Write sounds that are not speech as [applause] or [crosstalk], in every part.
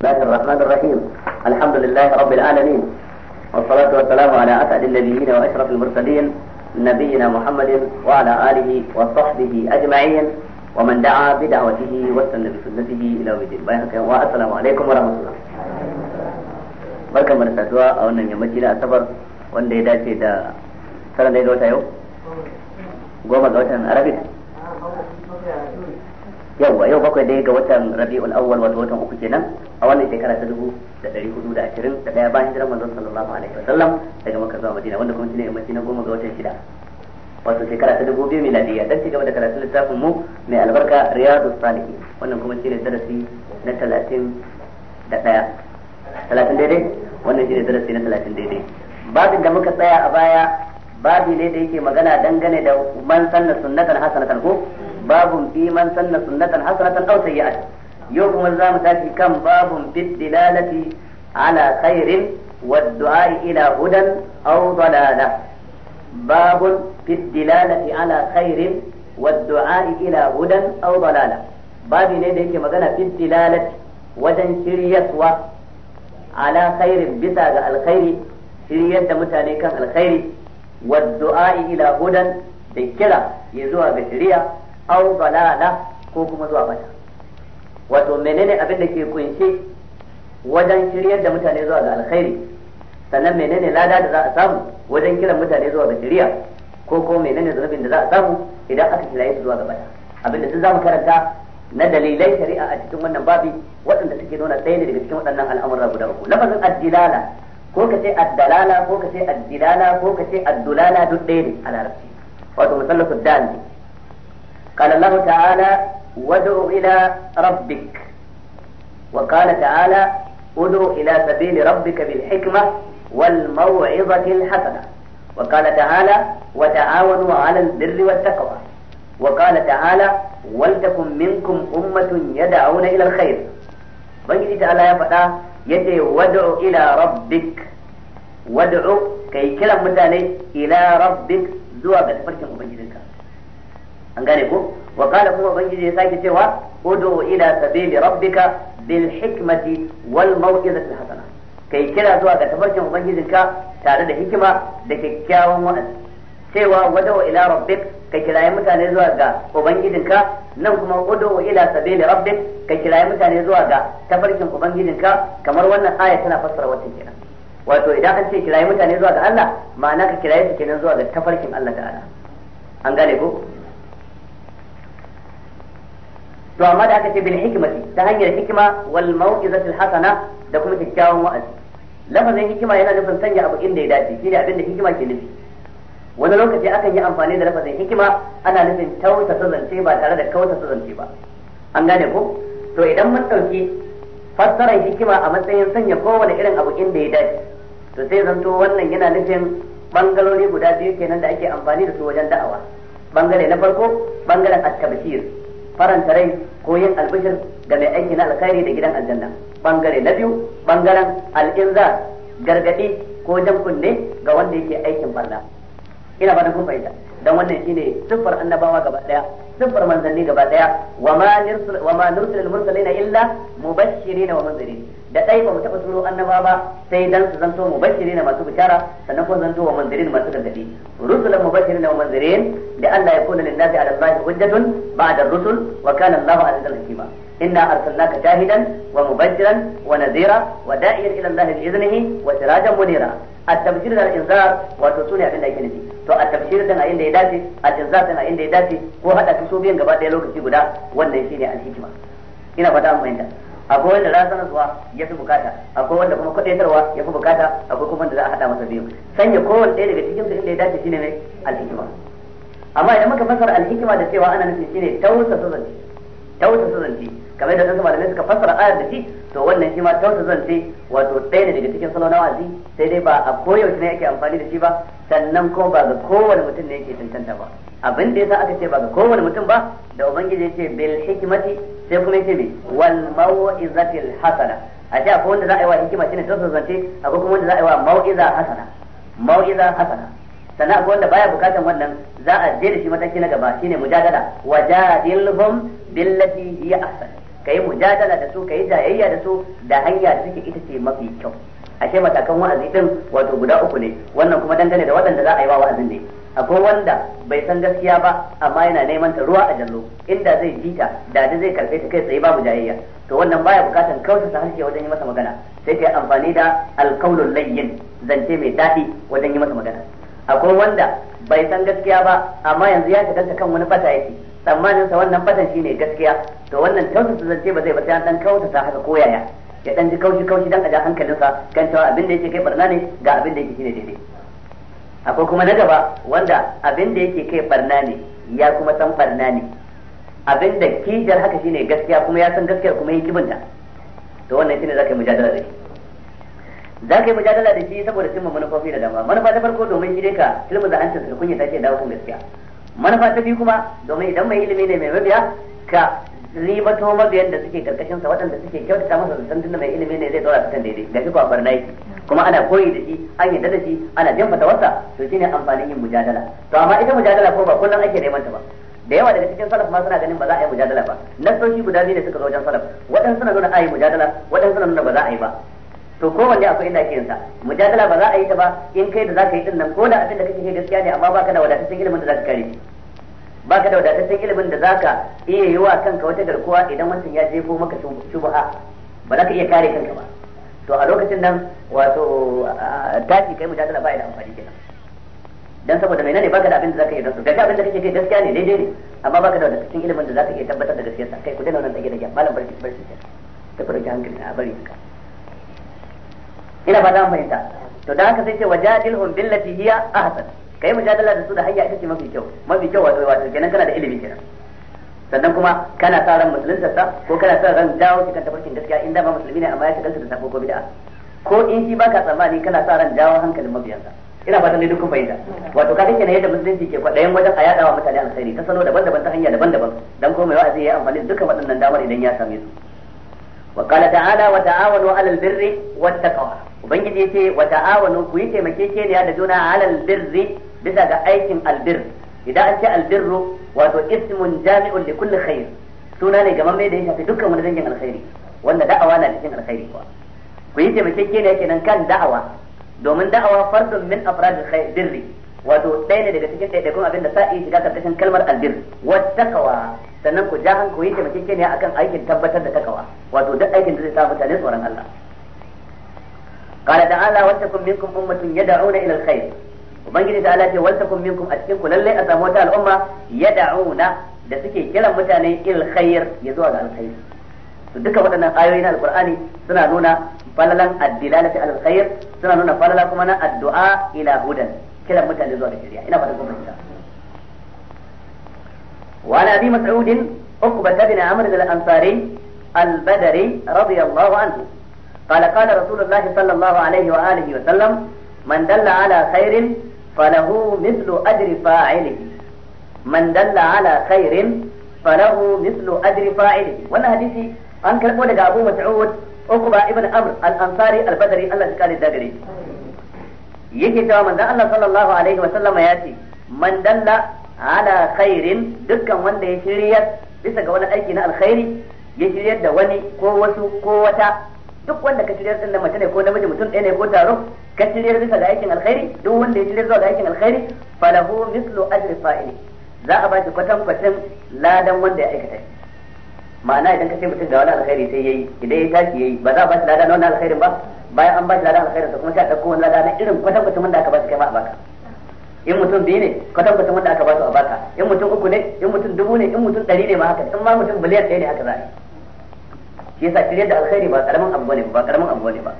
الله الرحمن الرحيم الحمد لله رب العالمين والصلاة والسلام على أسعد النبيين وأشرف المرسلين نبينا محمد وعلى آله وصحبه أجمعين ومن دعا بدعوته واستنى بسنته إلى يوم الدين والسلام عليكم ورحمة الله barkan mu da saduwa a wannan yammaci na asabar wanda ya dace da sanar da wata yau goma ga watan arabin yawwa yau bakwai dai ga watan rabi'ul awwal wato watan uku kenan a wannan shekara ta dubu da ɗari hudu da ashirin da ɗaya bayan hijiran manzon sallallahu alaihi wa sallam daga makka zuwa madina wanda kuma shine yammaci na goma ga watan shida wato shekara ta dubu biyu miladiyya dan cigaba da karatun littafin mu mai albarka riyadus salihin wannan kuma shine darasi na talatin da ɗaya talatin daidai wannan shine darasi na talatin daidai babin da muka tsaya a baya babi ne da yake magana dangane da man sanna sunnatan hasanatan ko babun fi man sanna sunnatan hasanatan aw sayyi'atan yau kuma za mu tashi kan babun bid dilalati ala khairin wad du'a ila hudan aw dalala babun bid dilalati ala khairin wad du'a ila hudan aw dalala babi ne da yake magana bid dilalati wajen shiryaswa ala khairin bisa ga alkhairi shiryar da mutane kan alkhairi wad da kira ya zuwa ga Au balala ko kuma zuwa bata wato menene abin da ke kunshe wajen shiryar da mutane zuwa ga alkhairi sannan menene lada da za a samu wajen kiran mutane zuwa ga shari'a ko ko menene zunubin da za a samu idan aka kiraye su zuwa ga bata abinda duk zamu karanta na dalilai shari'a a cikin wannan babi waɗanda suke nuna ɗaya ne daga cikin waɗannan al'amura guda uku lafazin addilala ko ka ce addalala ko ka ce addilala ko ka ce addulala duk ɗaya ne a larabci wato musallatu dalil قال الله تعالى وادع إلى ربك وقال تعالى ادع إلى سبيل ربك بالحكمة والموعظة الحسنة وقال تعالى وتعاونوا على البر والتقوى وقال تعالى ولتكن منكم أمة يدعون إلى الخير بنجي تعالى يا فتاة يتي وادع إلى ربك وادع كي كلا متاني إلى ربك زوا بتفركم وبنجي an gane ko wa kala kuma ubangiji ya sake cewa ud'u ila sabili rabbika bil hikmati wal mau'izati hasana kai kira zuwa ga tafarkin ubangijinka tare da hikima da kyakkyawan wa'azi cewa wa ila rabbik ka kirayi mutane zuwa ga ubangijinka nan kuma ud'u ila sabili rabbik ka kirayi mutane zuwa ga tafarkin ubangijinka kamar wannan aya tana fassara wata kenan wato idan an ce kirayi mutane zuwa ga Allah ma'ana ka kirayi su kenan zuwa ga tafarkin Allah ta'ala an gane ko to amma da aka ce bil hikmati ta hanyar hikima wal mau'izatil hasana da kuma kyakkyawan wa'azi lafazin hikima yana nufin sanya abu inda ya dace shine abin da hikima ke nufi wani lokaci akan yi amfani da lafazin hikima ana nufin tauta zance ba tare da kauta zance ba an gane ko to idan mun ɗauki fassarar hikima a matsayin sanya kowane irin abu inda ya dace to sai zanto wannan yana nufin bangalori guda biyu kenan da ake amfani da su wajen da'awa bangare na farko bangaren at tabsir faranta rai ko yin albishir ga mai aiki na alkhairi da gidan aljanna bangare na biyu bangaren al'inza gargadi ko jan kunne ga wanda yake aikin barna ina ba da kun fahimta dan wannan shine siffar annabawa gaba daya siffar manzanni gaba daya wa ma nursil wa ma nursil mursalina illa mubashirin wa munzirin da dai ba mu taba turo annaba ba sai dan su zanto mubashirin masu bishara sannan kuma zanto wa munzirin masu gargadi rusulan mubashirin wa munzirin da Allah ya kula lillahi ala Allah hujjatun ba'da rusul wa kana Allah azizan hakima إنا wa شاهدا ومبشرا ونذيرا وداعيا إلى الله بإذنه وسراجا منيرا at-tabshir da al-inzar wato sune abin da ake nufi to at-tabshir din a inda ya dace al-inzar din a inda ya dace ko hada su biyan gaba daya lokaci guda wannan shine al-hikima ina fata an fahimta akwai wanda razanarwa ya fi bukata akwai wanda kuma kwadaitarwa ya fi bukata akwai kuma wanda za a hada masa biyu sanya kowanne ɗaya daga cikin su inda ya dace shine mai al amma idan muka fasara al da cewa ana nufin shine tausasa zance tausasa kamar da wasu malamai suka fassara ayar da shi to wannan shi ma tausa zance wato ɗaya ne daga cikin salo na wa'azi sai dai ba a koyaushe ne yake amfani da shi ba sannan ko ba ga kowane mutum ne yake tantanta ba abin da yasa aka ce ba ga kowane mutum ba da ubangiji ya ce bil hikmati sai kuma yace me wal mau'izatil hasana a ce akwai wanda za a yi wa hikima shine tausa zance akwai kuma wanda za a yi wa mau'iza hasana mau'iza hasana sannan akwai wanda baya bukatan wannan za a je da shi mataki na gaba shine mujadala wajadilhum billati hiya ahsan ka yi mujadala da su ka yi jayayya da su da hanya da suke ita ce mafi kyau ashe matakan wa'azi din wato guda uku ne wannan kuma dangane da waɗanda za a yi wa wa'azin ne akwai wanda bai san gaskiya ba amma yana neman ta ruwa a jallo inda zai ji ta da da zai karfe ta kai tsaye babu jayayya to wannan baya bukatan kausa sa harshe wajen yi masa magana sai ka yi amfani da alkaulul layyin zance mai daɗi wajen yi masa magana akwai wanda bai san gaskiya ba amma yanzu ya shiga kan wani fata yake tsammanin sa wannan fatan shine gaskiya to wannan su zance ba zai ba sai an dan ta haka ko yaya ya dan ji kaushi kaushi dan aja hankalinsa kan cewa abin da yake kai barna ne ga abin da yake shine daidai akwai kuma na gaba wanda abin da yake kai barna ne ya kuma san barna ne abin da kijar haka shine gaskiya kuma ya san gaskiya kuma yake da to wannan shine zaka yi mujadala da shi za ka yi mujadala da shi saboda cimma manufofi da dama manufa ta farko domin shi dai ka tilmu da hancin sa kunya ta ce dawo gaskiya manufa ta biyu kuma domin idan mai ilimi ne mai mabiya ka ribato mabiyan da suke karkashin sa waɗanda suke kyautata masa da tantuna mai ilimi ne zai dora kan daidai ga shi kwa barna kuma ana koyi da shi an yi da shi ana jan wasa to shine amfanin yin mujadala to amma ita mujadala ko ba kullum ake neman ta ba da yawa daga cikin salaf ma suna ganin ba za a yi mujadala ba nasoshi guda biyu ne suka zo wajen salaf waɗansu na nuna a yi mujadala waɗansu na nuna ba za a yi ba to ko wanne akwai inda ke yin mujadala ba za a yi ta ba in kai da zaka yi din nan ko da abin da kake kai gaskiya ne amma baka da wadataccen ilimin da zaka kare baka da wadataccen ilimin da zaka iya yi wa kanka wata garkuwa idan wancan ya jefo maka shubha ba za ka iya kare kanka ba to a lokacin nan wato tashi kai mujadala ba ya da amfani kenan dan saboda mai ne baka da abin da zaka yi da su gashi abin da kake kai gaskiya ne daidai ne amma baka da wadataccen ilimin da zaka iya tabbatar da gaskiyarsa kai ku dena wannan dage dage malam barki barci ta fara dauki bari ka ina fata mun fahimta to da haka sai ce wajadilhum billati hiya ahsan kai mujadala da su da hayya ita ce mafi kyau mafi kyau wato wato kenan kana da ilimi kenan sannan kuma kana sa ran musulunta sa ko kana sa ran dawo cikin tafarkin gaskiya in da ba musulmi ne amma ya shiga da sabo ko bid'a ko in shi baka tsammani kana sa ran jawo hankalin mabiyansa ina fatan ne dukkan fahimta wato ka kake ne yadda musulunci ke kwaɗayin wajen a yaɗawa mutane alkhairi ta sano daban-daban ta hanya daban-daban dan ko mai wa'azi ya amfani dukkan waɗannan damar idan ya same su wa qala ta'ala wa ta'awanu wata birri wat taqwa ubangiji yace wa ta'awanu ku yi taimakekeniya da juna 'alal birri bisa ga aikin albir idan an ce albirru wato ismun jami'un li kulli khair suna ne ga mai ya shafi dukkan wani dangin alkhairi wanda da'awa na cikin alkhairi kuwa ku yi taimakekeniya kenan kan da'awa domin da'awa fardun min afradil khair birri wato ɗaya ne daga cikin ɗaiɗaikun abin da sa iya shiga karkashin kalmar albir wattakawa sannan ku ja hanku yi taimakekeniya akan aikin tabbatar da takawa wato duk aikin da zai sa mutane tsoron Allah qala ta'ala wattakum minkum ummatun yad'una ila alkhair ubangiji ta'ala ce wattakum minkum a cikin ku lalle a samu wata al'umma yad'una da suke kiran mutane il ya zuwa ga alkhair to duka waɗannan ayoyi na alqur'ani suna nuna falalan ad-dilalati ala alkhair suna nuna falala kuma na addu'a ila hudan kiran mutane zuwa ga shari'a ina fata kuma ita wa ana abi mas'ud ukba bin amr al-ansari al-badri radiyallahu anhu قال قال رسول الله صلى wa عليه وآله وسلم من دل على خير فله مثل أجر فاعله من دل على خير فله مثل اجر فاعله hadisi an karbo daga Abu Mas'ud Uqba ibn Amr al-Ansari al Allah ya kare yake cewa manzon Allah sallallahu alaihi wasallam ya ce man dalla ala khairin dukkan wanda ya shiryar bisa ga wani aiki na alkhairi ya shiryar da wani ko wasu ko wata duk wanda ka shiryar din da mace ne ko namiji mutum ɗaya ne ko taro ka shiryar bisa ga aikin alkhairi duk wanda ya shiryar zuwa ga aikin alkhairi falahu mislu ajri fa'ili za a ba shi kwatan ladan wanda ya aikata shi ma'ana idan ka ce mutum ga wani alkhairi sai yayi idan ya tashi yayi ba za a ba shi lada na wani alkhairin ba bayan an ba shi lada alkhairin sa kuma sai a dauko wani lada na irin kwatan kwatan wanda aka ba su kai ma a baka in mutum biyu ne kwatan kwatan wanda aka ba su a baka in mutum uku ne in mutum dubu ne in mutum dari ne ma haka in ma mutum miliyan ɗaya ne haka za a yi shi yasa shirye da alkhairi ba karamin abu ne ba karamin abu ne ba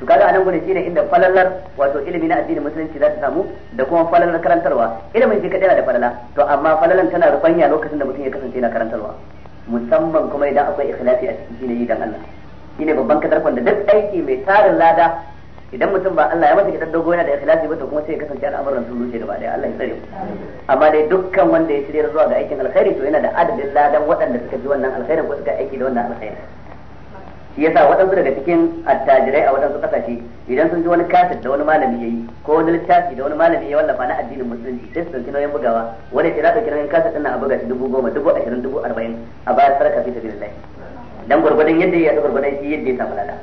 to kaga anan gure shine inda falalar wato ilimi na addinin musulunci za ta samu da kuma falalar karantarwa ilimin shi kadai da falala to amma falalan tana rubanya lokacin da mutum ya kasance yana karantarwa musamman kuma idan akwai ikhlasi a cikin shine yi dan Allah shine babban kadarkon da duk aiki mai tarin lada idan mutum ba Allah ya masa kidan dogo yana da ikhlasi ba to kuma sai ya kasance al'amuran sun rushe gaba daya Allah ya tsare amma dai dukkan wanda ya shirya zuwa ga aikin alkhairi to yana da adadin ladan waɗanda suka bi wannan alkhairin ko suka aiki da wannan alkhairin shi yasa waɗansu daga cikin attajirai a waɗansu ƙasashe idan sun ji wani kaset da wani malami yayi ko wani littafi da wani malami ya wallafa na addinin musulunci sai su ɗauki nauyin bugawa wani ce za ɗauki nauyin kaset ɗin a buga shi dubu goma dubu ashirin dubu arba'in a bayar sarka fi sabilillah dan gwargwadon yadda ya gwargwadon shi yadda ya samu lada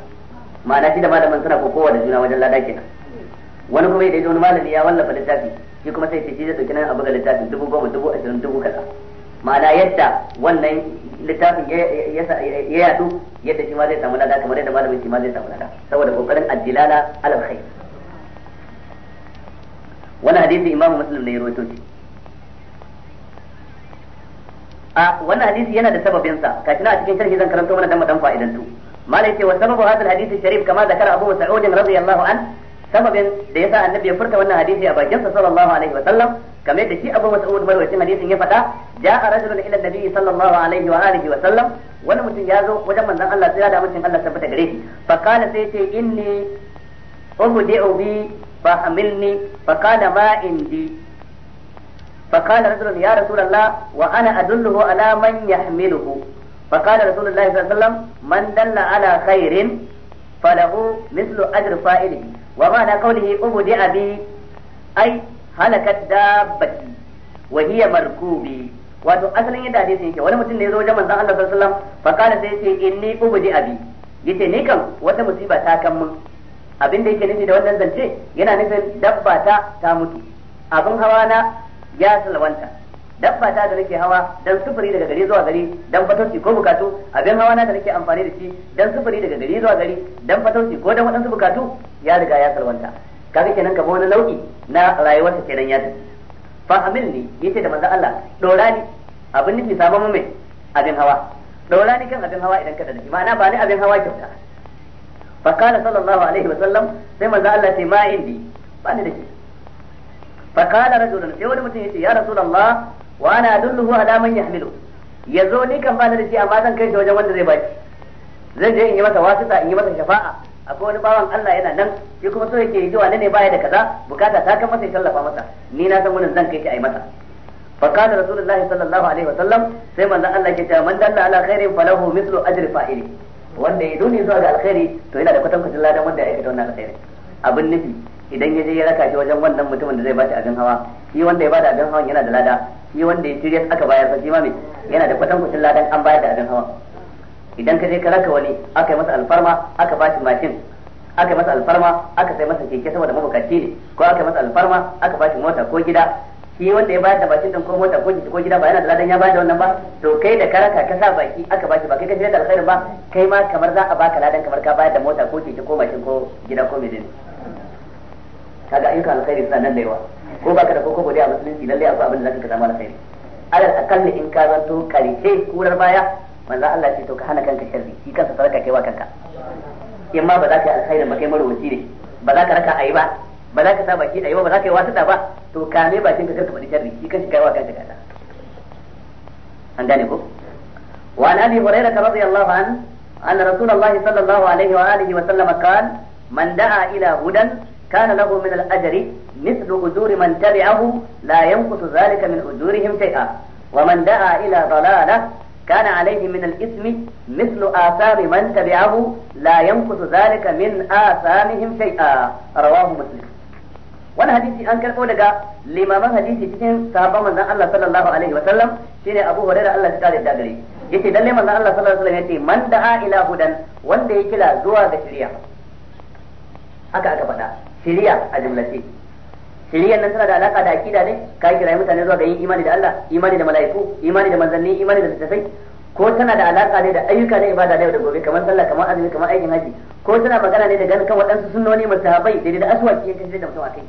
ma'ana shi da malamin suna kokowa da juna wajen lada kenan wani kuma idan wani malami ya wallafa littafi shi kuma sai ce shi zai ɗauki nauyin a buga littafin dubu goma dubu ashirin dubu kaza ma'ana yadda wannan littafin ya yadu yadda shi ma zai samu lada kamar yadda malamin shi ma zai samu lada saboda kokarin addilala alal khair wannan hadisi imamu muslim ne ya rawaito shi a wannan hadisi yana da sababin sa kashi na a cikin sharhi zan karanto mana dan madan fa'idantu malai ce wa sababu hadal hadisi sharif kama zakara abu sa'ud radiyallahu an sababin da yasa annabi ya furta wannan hadisi a bakin sa sallallahu alaihi wa sallam kamar da shi Abu Mas'ud marwacin hadisin ya faɗa ja'a rajulun ila nabi sallallahu alaihi wa alihi wa wani mutum ya zo wajen manzon Allah sai da mutum Allah tabbata gare shi fa kana sai ce inni ubdi'u bi fa hamilni fa kana ma indi fa kana rajulun ya rasulullah wa ana adulluhu ala man yahmiluhu fa kana rasulullah sallallahu alaihi wa sallam man dalla ala khairin falahu mislu ajri fa'ilihi wa ma'ana qawlihi ubdi'a bi ai halakat dabbati wa hiya markubi wato asalin yadda hadisin yake wani mutum ne ya zo wajen manzon Allah sallallahu alaihi wasallam fa kana sai yake inni ubdi abi yace ni kan wata musiba ta kan mun abin da yake nufi da wannan zance yana nufin dabba ta ta mutu abin hawa na ya salwanta dabba ta da nake hawa dan sufuri daga gari zuwa gari dan fatauci ko bukatu abin hawa na da nake amfani da shi dan sufuri daga gari zuwa gari dan fatauci ko dan wadansu bukatu ya riga ya salwanta kaga kenan kamar wani nau'i na rayuwarsa kenan ya tafi fa ya yace da manzo Allah dora ni abin nufi sabon mu mai abin hawa dora ni kan abin hawa idan ka da nufi ma'ana ba ni abin hawa kyauta fa kana sallallahu alaihi wa sallam sai manzo Allah ce ma indi ba ni da shi fa kana rajulun sai wani mutum yace ya rasulullah wa ana adulluhu ala man yahmilu yazo ni kan ba da shi amma zan kai shi wajen wanda zai baki zan je in yi masa wasita in yi masa shafa'a akwai wani bawan Allah yana nan shi kuma so yake zuwa wani ne baya da kaza bukata ta kan masa tallafa masa ni na san wannan zan kai shi ai masa fa kana rasulullahi sallallahu alaihi wa sallam sai manzo Allah ke cewa man dalla ala khairin falahu mithlu ajri fa'ili wanda ya duni zuwa ga alkhairi to yana da kwatankwacin ladan wanda ya aikata wannan alkhairi abin nufi idan ya je ya raka shi wajen wannan mutumin da zai bata abin hawa shi wanda ya bada abin hawa yana da lada shi wanda ya shirya aka bayar sa shi ma yana da kwatankwacin ladan an bayar da abin hawa. idan ka je ka raka wani aka yi masa alfarma aka bashi mashin aka yi masa alfarma aka sai masa keke saboda mabukaci ne ko aka yi masa alfarma aka bashi mota ko gida shi wanda ya bayar da mashin din ko mota ko ko gida ba yana da ladan ya bayar da wannan ba to kai da karaka ka sa baki aka shi ba kai ka da alkhairin ba kai ma kamar za a baka ladan kamar ka bayar da mota ko keke ko mashin ko gida ko menene kaga ayyukan alkhairi suna nan da yawa ko baka da ko kobo a musulunci lalle akwai abin da zaka ka zama alkhairi alal akalli in ka zanto karshe kurar baya manzo Allah ce to ka hana kanka sharri shi kansa sarka kai wa kanka in ma ba za ka yi alkhairin ba kai marwaci ne ba za ka raka ayi ba ba za ka sa baki ayi ba ba za ka yi wasuɗa ba to ka ne ka karka faɗi sharri shi kansa kai wa kanka gata an gane ko wa an abi hurairah radiyallahu an أن رسول الله صلى الله عليه وآله وسلم قال من دعا إلى هدى كان له من الأجر مثل أجور من تبعه لا ينقص ذلك من أجورهم شيئا ومن دعا إلى ضلالة كان عليه من الإثم مثل آثار من تبعه لا ينقص ذلك من آثامهم شيئا رواه مسلم wani hadisi an karɓo daga limaman hadisi cikin sahabban manzon Allah sallallahu alaihi wasallam shine Abu Hurairah Allah ya kare da gare yace lalle manzon Allah sallallahu alaihi wasallam yace man da'a ila hudan wanda ya kira zuwa ga shari'a haka aka faɗa shari'a a jumlace shiriyar nan tana da alaka da akida ne ka kira mutane zuwa ga yin imani da Allah imani da mala'iku imani da manzanni imani da littafai ko tana da alaka ne da ayyuka na ibada na yau da gobe kamar sallah kamar azumi kamar aikin haji ko tana magana ne da ganin kan waɗansu sunnoni masahabai da da aswaki yake da mutum akai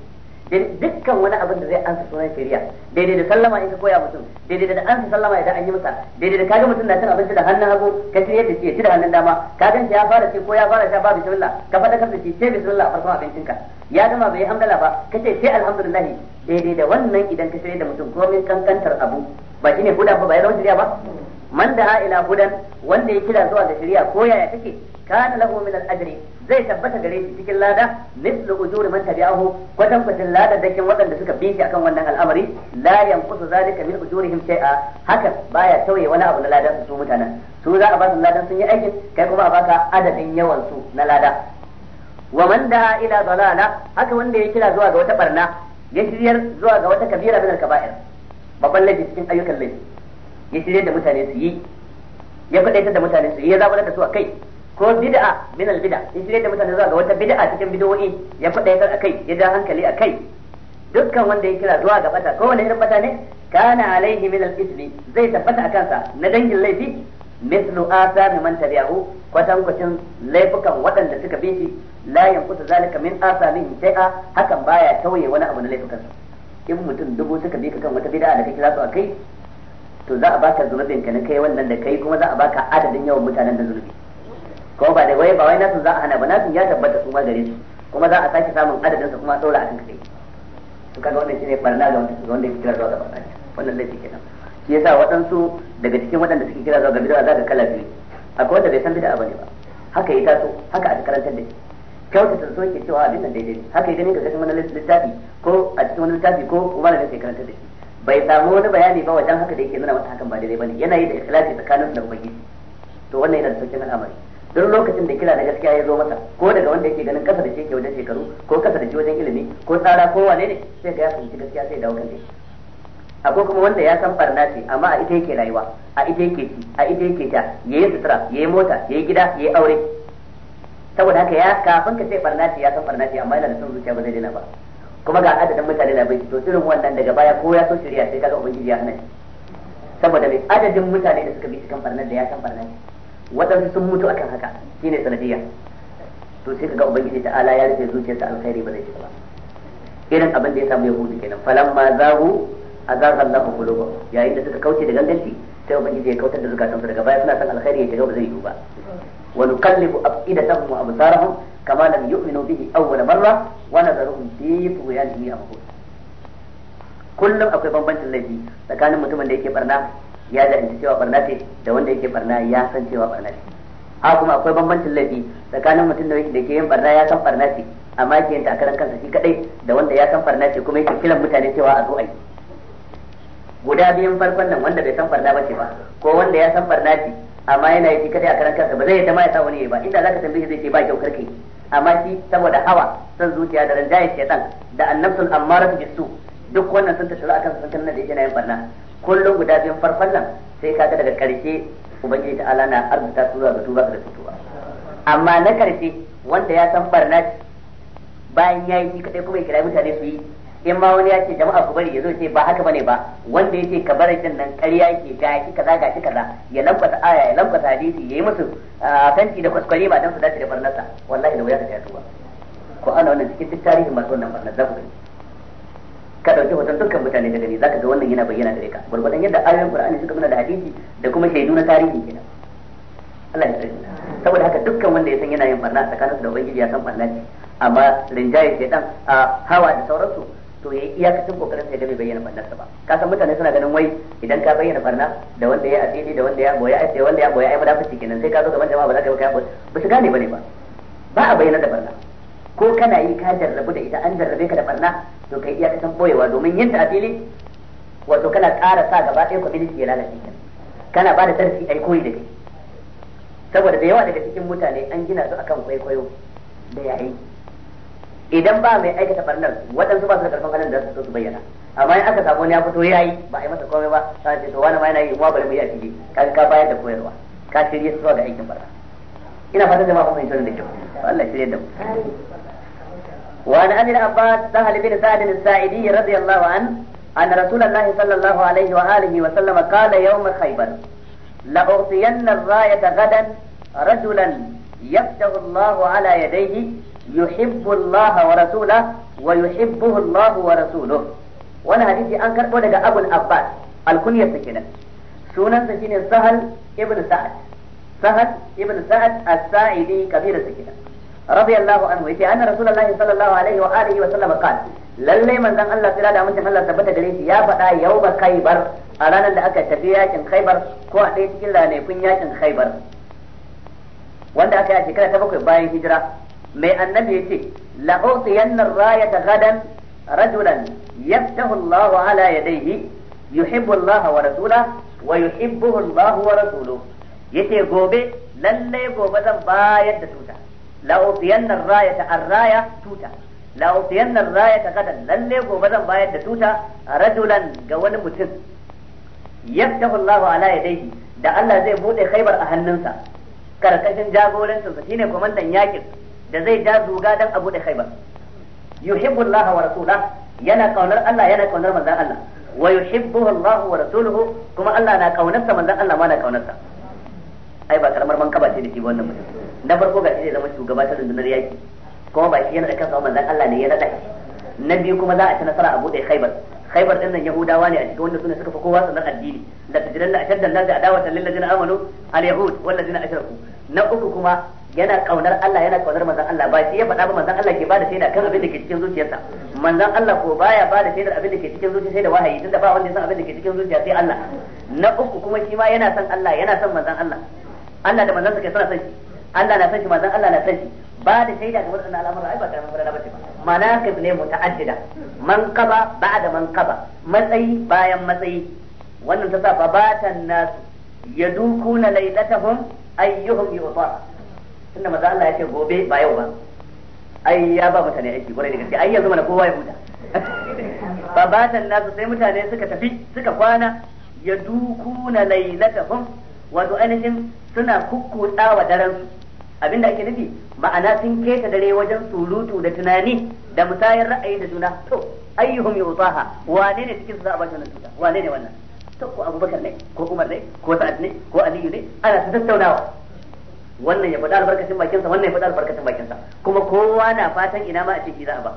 dukkan wani abin da zai ansa sunan shari'a daidai da sallama in ka koya mutum daidai da ansa sallama idan an yi masa daidai da kaga mutum na cin abinci da hannun hagu ka shirya yadda shi ci da hannun dama ka gan ya fara ci ko ya fara sha ba bismillah ka faɗa ka ce ce bismillah farkon ka ya gama bai hamdala ba ka ce ce alhamdulillah daidai da wannan idan ka shirya da mutum ko min kankantar abu ba shine huda ba ba ya zama shari'a ba man da ila hudan wanda ya kira zuwa ga shari'a ko yaya take kana lahu min al-ajri zai tabbata gare shi cikin lada mislu ujuri man tabi'ahu kwatan kwatan da dakin waɗanda suka bi shi akan wannan al'amari la yanqusu zalika min ujurihim shay'a haka baya tauye wani abu na lada su mutanen su za a ba su lada sun yi aikin kai kuma a baka adadin yawan su na lada wa man da ila dalala haka wanda ya kira zuwa ga wata barna ya shiryar zuwa ga wata kabira min al-kaba'ir babban laifi cikin ayyukan laifi ya shiryar da mutane su yi ya faɗaitar da mutane su yi ya zaburar da su a kai ko bid'a min al bid'a in da mutane zuwa ga wata bid'a cikin bid'o'i ya faɗa a kai ya ja hankali a kai dukkan wanda ya kira zuwa ga bata ko wanda irin bata ne kana alaihi min al ismi zai tabbata a kansa na dangin laifi mislu asami man tabi'ahu kwacin laifukan waɗanda suka bi shi la yanqutu zalika min athamihi shay'a hakan baya tauye wani abu na laifukansa in mutum dubu suka bi ka kan wata bid'a da kake kira su akai to za a baka zunubin ka na kai wannan da kai kuma za a baka adadin yawan mutanen da zunubi ko ba da wai ba wai nasu za a hana ba nasu ya tabbata su ma gare su kuma za a sake samun adadin su kuma dora a kan kai to kaga wannan shine barna ga wanda wanda yake kira zuwa ga barna wannan laifi kenan shi yasa waɗansu daga cikin waɗanda suke kira zuwa ga bid'a za ka kala biyu akwai wanda bai san bid'a bane ba haka ya taso haka a karantar da shi ta so yake cewa abin nan daidai haka ya gani ga kashin wani littafi ko a cikin wani littafi ko kuma da yake karantar da shi bai samu wani bayani ba wajen haka da yake nuna mata hakan ba daidai bane yana yi da ikhlasi tsakanin da ubangiji to wannan yana da sauƙin al'amari duk lokacin da kira da gaskiya ya zo masa ko daga wanda yake ganin kasa da shi ke wajen shekaru ko kasa da shi wajen ilimi ko tsara ko wane ne sai ga ya fahimci gaskiya sai dawo kan shi akwai kuma wanda ya san barna ce amma a ita yake rayuwa a ita yake ci a ita yake ta yayi sutura yayi mota yayi gida yayi aure saboda haka ya kafin ka ce barna ce ya san barna ce amma yana da son zuciya ba zai daina ba kuma ga adadin mutane na bai to irin wannan daga baya ko ya so shirya sai kaga ubangiji ya hana shi saboda mai adadin mutane da suka bi cikin barnar da ya san barna ce waɗansu sun mutu akan haka shi ne sanadiyya to sai ga ubangiji ta ala ya rufe zuciyarsa alkhairi ba zai shiga ba irin abin da ya samu yahudu kenan falamma zahu azar Allahu qulubahum yayin da suka kauce da ganganci sai ubangiji ya kautar da zukatansu daga baya suna san alkhairi ya shiga ba zai yi ba wa nuqallibu afidatahum wa absarahum kama lam yu'minu bihi awwal marra wa nadharuhum fi tughyanihim yamhun kullum akwai bambancin laifi tsakanin mutumin da yake barna ya jahilci cewa barna ce da wanda yake barna ya san cewa barna ce a kuma akwai bambancin laifi tsakanin mutum da yake yin barna ya san barna ce amma yake yin takarar kansa shi kadai da wanda ya san barna ce kuma yake kiran mutane cewa a zo yi guda biyun farkon nan wanda bai san barna ba ce ba ko wanda ya san barna ce amma yana yi kadai a karan kansa ba zai yi ma ya sa wani yayi ba inda za ka tambaye zai ce ba kyau karkai amma shi saboda hawa san zuciya da ranjaye shaitan da annabtul ammaratu bisu duk wannan sun tashi akan sun kanna da yake na yin barna kullum guda biyun farkon nan sai kaka daga karshe ubangiji ta na arzuta su zuwa ga tuba da tutuwa amma na karshe wanda ya san barna bayan ya yi kadai kuma ya kira mutane su yi in ma wani ya ce jama'a ku bari ya zo ce ba haka bane ba wanda ya ce ka bar din nan ƙarya yake ga shi kaza ga shi kaza ya lambata aya ya lambata hadisi yayi musu fanti da kwaskwari ba dan su dace da barnarsa wallahi da wuya ka tuba ko ana wannan cikin tarihin masu wannan barna za ku gani ka dauki hoton dukkan mutane da gani zaka ga wannan yana bayyana gare ka gurbadan yadda ayoyin qur'ani suka muna da hadisi da kuma shaidu na tarihi kenan Allah ya tsare saboda haka dukkan wanda ya san yana yin barna tsakaninsu da ubangiji ya san barna ce amma rinjaye shaitan a hawa da sauransu to yayi iyakacin kokarin sai da bai bayyana barna ba ka san mutane suna ganin wai idan ka bayyana barna da wanda ya asiri da wanda ya boye ai wanda ya boye ai munafici kenan sai ka zo gaban jama'a ba za ka yi ba ba su gane bane ba ba a bayyana da barna ko kana yi ka jarrabu da ita an jarrabe ka da barna to kai iya kasan boyewa domin yin ta a fili wato kana ƙara sa gaba ɗaya community ya lalace ka kana ba da darasi ai koyi da kai saboda da yawa daga cikin mutane an gina su akan kwaikwayo da yayi idan ba mai aikata barnar waɗansu ba su da karfin halin da su su bayyana amma in aka samu wani ya fito yayi ba a yi masa komai ba sai ce to wani ma yana yi kuma bari mu yi a fili ka ka bayar da koyarwa ka shirye su ga aikin barna ina fatan jama'a kun fahimta da kyau Allah shirye da mu وعن ابي العباس سهل بن سعد الساعدي رضي الله عنه أن رسول الله صلى الله عليه وآله وسلم قال يوم خيبر لأعطين الراية غدا رجلا يفتح الله على يديه يحب الله ورسوله ويحبه الله ورسوله وانا حديثي أنكر قول أبو الأباس الكنية سكينة سونا سكينة سهل ابن سعد سهل ابن سعد الساعدي كبير سكينة radiyallahu anhu yace anna rasulullahi sallallahu alaihi wa alihi wa sallam qala lalle manzon Allah tsira da mutum Allah tabbata gare shi ya faɗa yawma ka'ibar a ranar da aka tafi yakin ka'ibar ko a ɗaya cikin ranakun yakin ka'ibar. wanda aka yi a shekara ta bakwai bayan hijira mai annabi yace la utiyanna rayata gadan rajulan yaftahu Allahu ala yadayhi yuhibbu Allah wa rasulahu wa yuhibbuhu Allah wa rasuluhu yace gobe lalle gobe zan bayar da tuta la'utiyanna rayata ar-raya tuta la'utiyanna rayata gadan lalle gobe zan bayar da tuta radulan ga wani mutum yaftahu Allahu ala yadayhi da Allah zai bude khaybar a hannunsa karkashin jagorancin sa shine komandan yakin da zai ja zuga dan a bude khaibar yuhibbu Allah wa rasulahu yana kaunar Allah yana kaunar manzon Allah wa yuhibbuhu Allah wa rasuluhu kuma Allah na kaunarsa manzon Allah ma na kaunarsa ai ba karamar mankaba ce da shi wannan mutum na farko ga shi zai zama shugaba ta rundunar yaki kuma ba shi yana da kansa manzon Allah ne ya nada shi na biyu kuma za a ci nasara a bude Khaibar Khaibar din nan Yahudawa ne a cikin wanda suna suka fi kowa sanar addini da tajiranna ashaddan nasi adawatan lil ladina amanu al yahud wal ladina ashraku na uku kuma yana kaunar Allah yana kaunar manzon Allah ba shi ya faɗa ba manzon Allah ke bada shaida kan abin da ke cikin zuciyarsa manzon Allah ko baya bada shaidar abin da ke cikin zuciya da wahayi tunda ba wanda ya san abin da ke cikin zuciya sai Allah na uku kuma shi ma yana son Allah yana son manzon Allah Allah da manzon sa kai suna san shi Allah na san shi manzon Allah na san shi ba da shaida ga wannan al'amuran ai ba karamin fara bace ba manaqib ne muta'addida man qaba ba'da man qaba matsayi bayan matsayi wannan ta sa babatan nasu yadukuna lailatahum ayyuhum yu'ta tunda manzon Allah ya ce gobe ba yau ba ai ya ba mutane aiki kwarai da gaske ai yanzu mana kowa ya huta babatan nasu sai mutane suka tafi suka kwana ya dukuna lailatahum wato ainihin suna kukkutsa wa daren su abinda ake nufi ma'ana sun keta dare wajen surutu da tunani da musayar ra'ayi da juna to ayyuhum yutaha wane ne cikin su za a bashi wannan tuta wane ne wannan to ko Abubakar ne ko Umar ne ko Sa'ad ne ko Aliyu ne ana ta tattaunawa wannan ya faɗa albarkacin bakinsa wannan ya faɗa albarkacin bakinsa kuma kowa na fatan ina ma a ce za a ba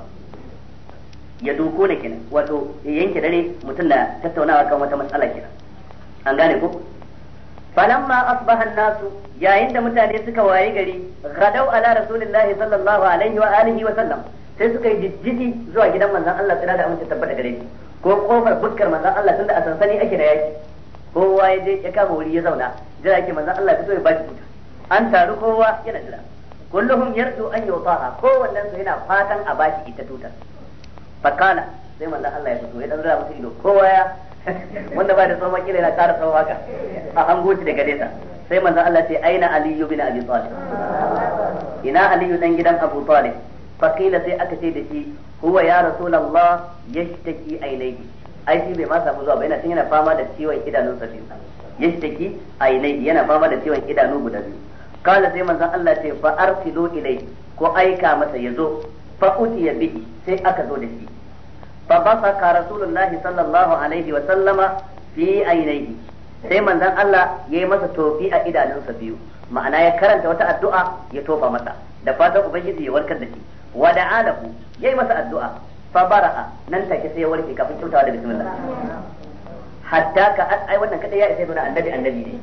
ya doko na kenan wato yanke dare mutum na tattaunawa kan wata matsala kenan an gane ko falamma asbaha nasu yayin da mutane suka waye gari gadau ala rasulillahi sallallahu alaihi wa alihi wa sallam sai suka yi jijjiti zuwa gidan manzon Allah tsira da aminci tabbata gare ko kofar bukkar manzon Allah a sansani ake na yaki kowa ya kama wuri ya zauna jira yake manzon Allah fito ya bashi kuta an taru kowa yana jira kulluhum yarju an yutaha kowannen su yana fatan a bashi ita tutar fakala sai manzon Allah ya fito ya dan zura masu ido kowa ya wanda ba da tsawo kila yana ƙara tsawo ka a hango shi daga nesa sai manzon Allah ce aina aliyu bin abi talib ina aliyu dan gidan abu talib fakila sai aka ce da shi huwa ya rasulullah yashtaki ainihi ai shi bai ma samu zuwa ba yana tun yana fama da ciwon idanunsa biyu yashtaki ainihi yana fama da ciwon idanu guda biyu kala sai manzon Allah ce fa arsilu ilai ko aika masa yazo fa utiya bihi sai aka zo da shi فبصق رسول الله صلى الله عليه وسلم في عينيه sai manzon Allah ya yi masa tofi a idanunsa biyu ma'ana ya karanta wata addu'a ya tofa masa da fatan ubangiji ya warkar da shi wa da'alahu ya yi masa addu'a fa bara'a nan take sai ya warke kafin kyautawa da bismillah hatta ka ai wannan kadai ya isa ya annabi annabi ne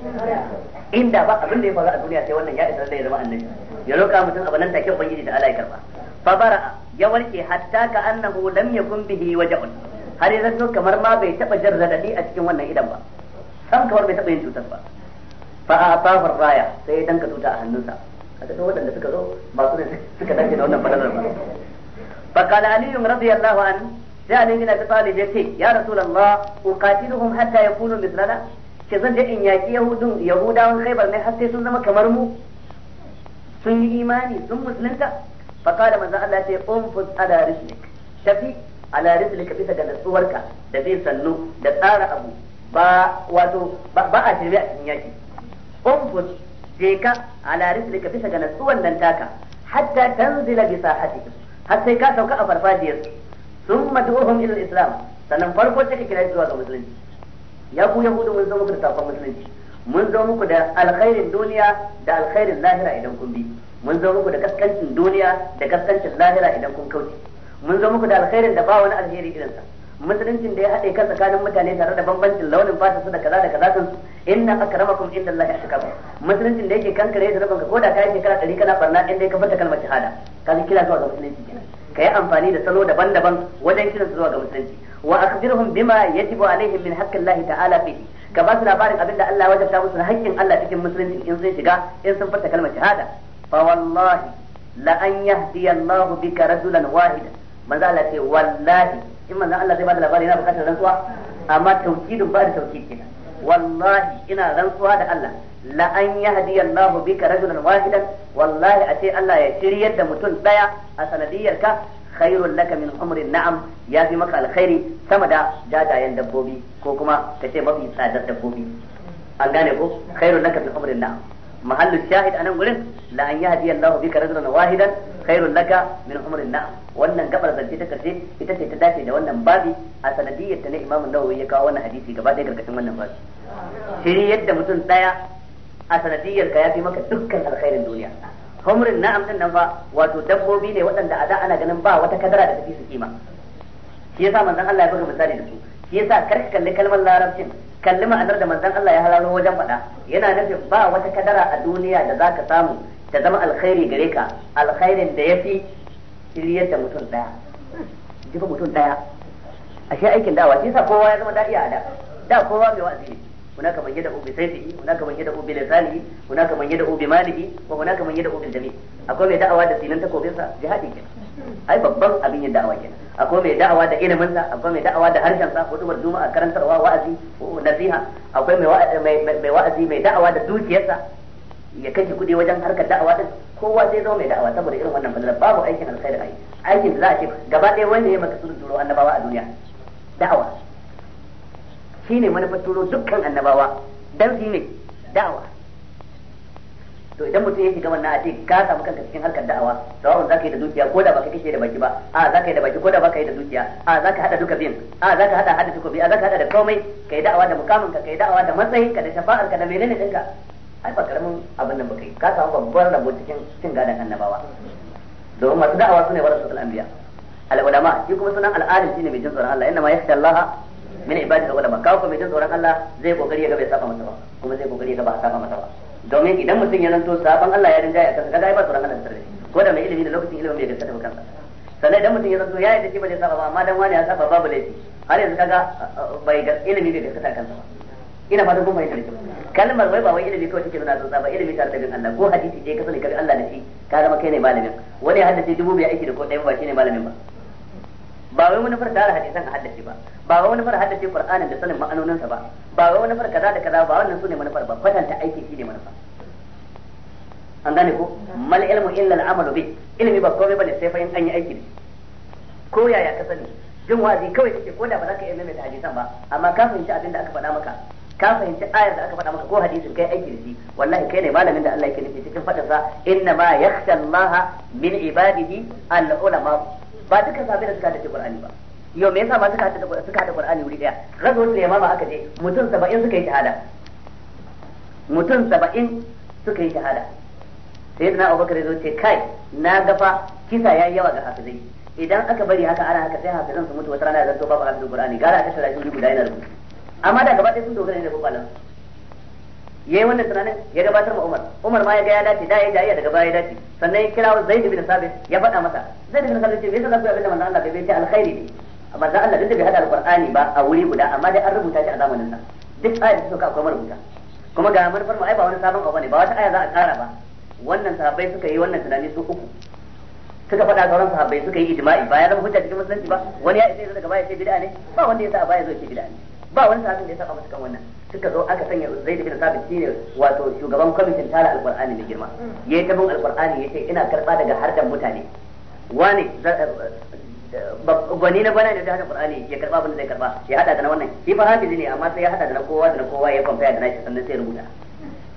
inda ba abin da ya faru a duniya sai wannan ya isa da ya zama annabi ya roka mutum abin nan take ubangiji da Allah ya karba fa bara ya warke hatta ka annahu lam yakun bihi wajhun har ya zo kamar ma bai taba jin radadi a cikin wannan idan ba sam kamar bai taba yin cutar ba fa a fafar raya sai dan ka tuta a hannunsa kaga to waɗanda suka zo ba su ne suka dace da wannan fadalar ba fa qala aliyun radiyallahu anhu sai Ali bin ta tsari ya ce ya Rasulullah uqatiluhum hatta yakunu mithlana ke zan je in yaki Yahudun Yahudawan Khaybar ne har sai sun zama kamar mu sun yi imani sun musulunta fa kada manzo Allah ya ce umfus ala rislik tafi ala rislik bisa ga natsuwarka da zai sannu da tsara abu ba wato ba a shirme a cikin yaki umfus je ka ala rislik bisa ga natsuwan nan taka hatta tanzila bi sahatikum har sai ka sauka a farfajiyar. Sun du'uhum ilil islam sannan farko ka kira zuwa ga musulunci ya ku yahudu mun zo muku da safon musulunci mun zo muku da alkhairin duniya da alkhairin lahira idan kun bi mun zo muku da kaskancin duniya da kaskancin lahira idan kun kauce mun zo muku da alkhairin da ba wani alheri sa Musulunci da ya haɗe kan tsakanin mutane tare da bambancin launin fata su da kaza da kaza sun inna akramakum inda Allah ya shaka musuluncin da yake kankare da rabon ko da kai shekara 100 kana barna inda ka fata kalmar shahada kaga kira zuwa ga musulunci kenan yi amfani da salo daban-daban wajen kiran su zuwa ga musulunci wa akhbirhum bima yajibu alaihim min haqqillahi ta'ala fihi ka ba su labarin abin da Allah ya wajabta musu na haƙƙin Allah cikin musulunci in sun shiga in sun furta kalmar shahada fa wallahi la an yahdiya Allah bika rajulan wahida manzo Allah ce wallahi in manzo Allah zai ba da labari yana bukatar rantsuwa amma tawkidin ba da tawkid kenan wallahi ina rantsuwa da Allah la an yahdi Allahu bika rajulan wahidan wallahi a ce Allah ya shiryar da mutum daya a sanadiyar ka khairul laka min umrin na'am ya fi maka alkhairi sama da jajayen dabbobi ko kuma kace mafi tsadar dabbobi an gane ko khairul laka min umrin na'am mahallu shahid anan wurin la an yahdi Allahu bika na wahidan khairul laka min umrin na'am wannan gabar zance ta karshe ita ce ta dace da wannan babi a sanadiyyar ta ne Imam Nawawi ya kawo wannan hadisi gaba ɗaya karkashin wannan babi shi yadda mutum daya a sanadiyyar ka yafi maka dukkan alkhairin duniya humrin na'am din nan ba wato dabbobi ne waɗanda a da ana ganin ba wata kadara da ta fi su kima shi yasa manzon Allah ya buga misali da su shi yasa kar ka kalli kalmar larabcin kalli ma'anar da manzon Allah ya halalo wajen faɗa yana nufin ba wata kadara a duniya da zaka samu ta zama alkhairi gare ka alkhairin da yafi shiryar da mutum daya jifa mutum daya ashe aikin dawa shi yasa kowa ya zama da'iya a da da kowa mai wa'azi هناك من يدعو بسيفه هناك من يدعو بلسانه هناك من يدعو بماله وهناك من يدعو بالجميع akwai mai da'awa da sinan takobinsa jihadi kenan ai babban abin yin da'awa kenan akwai mai da'awa da ilimin sa akwai mai da'awa da harshen sa hudubar juma'a karantarwa wa'azi nasiha akwai mai mai wa'azi mai da'awa da dukiyarsa ya kashe kuɗi wajen harkar da'awa din kowa zai mai da'awa saboda irin wannan fadalar babu aikin alkhairi ai aikin da za a ce gaba ɗaya wanda ya maka sulhu turo annabawa a duniya da'awa ne manufar turo dukkan annabawa dan su ne da'awa to idan mutum ya shiga wannan a ce ka samu kanka cikin harkar da'awa za ka yi da dukiya ko da ba ka kishe da baki ba a zaka yi da baki ko da ka yi da dukiya a zaka hada duka biyan a zaka hada hada duka biyan a zaka hada da komai yi da'awa da mukamin ka yi da'awa da matsayin ka da shafa'ar ka da menene dinka ai ba karamin abin nan ba kai ka samu babbar rabo cikin cin gadan annabawa domin masu da'awa sune warasatul anbiya al ulama shi kuma sunan al'adin shine mai jin tsoron Allah inna ma yakhsha Allah min ibadi ulama kawo ko tsoron Allah zai kokari ya ga bai saba masa ba kuma zai kokari ya ga ba saba masa ba domin idan mutum ya zanto safan Allah ya rinjaye a kansa kaga ya ba tsoron Allah da sarrafi ko da mai ilimi da lokacin ilimin bai gaskata ba kansa sannan idan mutum ya zanto ya yadda shi ba zai saba ba amma dan wani ya saba babu laifi har yanzu kaga uh, bai ga ilimi bai gaskata kansa ba ina fatan kun fahimta kalmar wai ba wai ilimi kawai take nuna tsotsa ba ilimi tare da bin Allah ko hadisi je ka sani ka Allah da shi ka zama kai ne malamin wani hadisi dubu bai aiki da ko ɗaya ba shine malamin ba ba wai manufar tara hadisan a haddace ba ba wai manufar haddace qur'anin da sanin ma'anoninsa ba ba wai manufar kaza da kaza ba wannan sune manufar ba kwatanta aiki ne manufa an gane ko mal ilmu illa al-amalu bi ilmi ba komai bane sai fa in an yi aiki ko yaya ka sani jin wazi kawai kake ko da ba za ka iya maimaita hadisan ba amma ka fahimci abin da aka faɗa maka ka fahimci ayar da aka faɗa maka ko hadisin kai aiki da shi wallahi kai ne malamin da Allah yake nufi cikin fadarsa sa inna ma yakhsha Allah min ibadihi al-ulama ba duka sahabbai da suka haddace Qur'ani ba yau me yasa ba suka haddace suka haddace Qur'ani wuri daya ghazwatul mama aka je mutum 70 suka yi shahada mutum 70 suka yi shahada sai na Abubakar zai ce kai na gafa kisa yayi yawa ga hafizai idan aka bari haka ana haka sai hafizan su mutu wata rana ya zanto babu hafizan Qur'ani gara a tsara shi guda yana rubutu amma da gaba ɗaya sun dogara ne da kokarin yayi wannan tunanin ya gabatar ma Umar Umar ma ya ga ya dace da ya ji daga baya ya dace sannan ya kira Zaid bin Sabit ya faɗa masa Zaid bin Sabit ce me yasa za ku abin da manzon Allah bai ce alkhairi ne amma dan Allah duk da bai hada alqur'ani ba a wuri guda amma dai an rubuta shi a zamanin nan duk ayat da suka akwai marubuta kuma ga manufar mu ai ba wani sabon abu ne ba wata aya za a ƙara ba wannan sahabbai suka yi wannan tunani su uku suka faɗa sauran sahabbai suka yi ijma'i ba ya zama hujja cikin musulunci ba wani ya isa daga baya ce bid'a ne ba wanda ya sa baya zo ce bid'a ne ba wani sahabin da ya saba masa kan wannan suka zo aka sanya zai da sabit shine wato shugaban kwamitin tara alkur'ani mai girma mm. ya yi tabin alkur'ani ya ce ina karba daga hardan mutane wani eh, gwani na bana da ta hada qur'ani ya karba abin da zai karba ya hada da na wannan shi fa hafizi ne amma sai ya hada da na kowa da na kowa ya kwamfaya da na shi sannan sai rubuta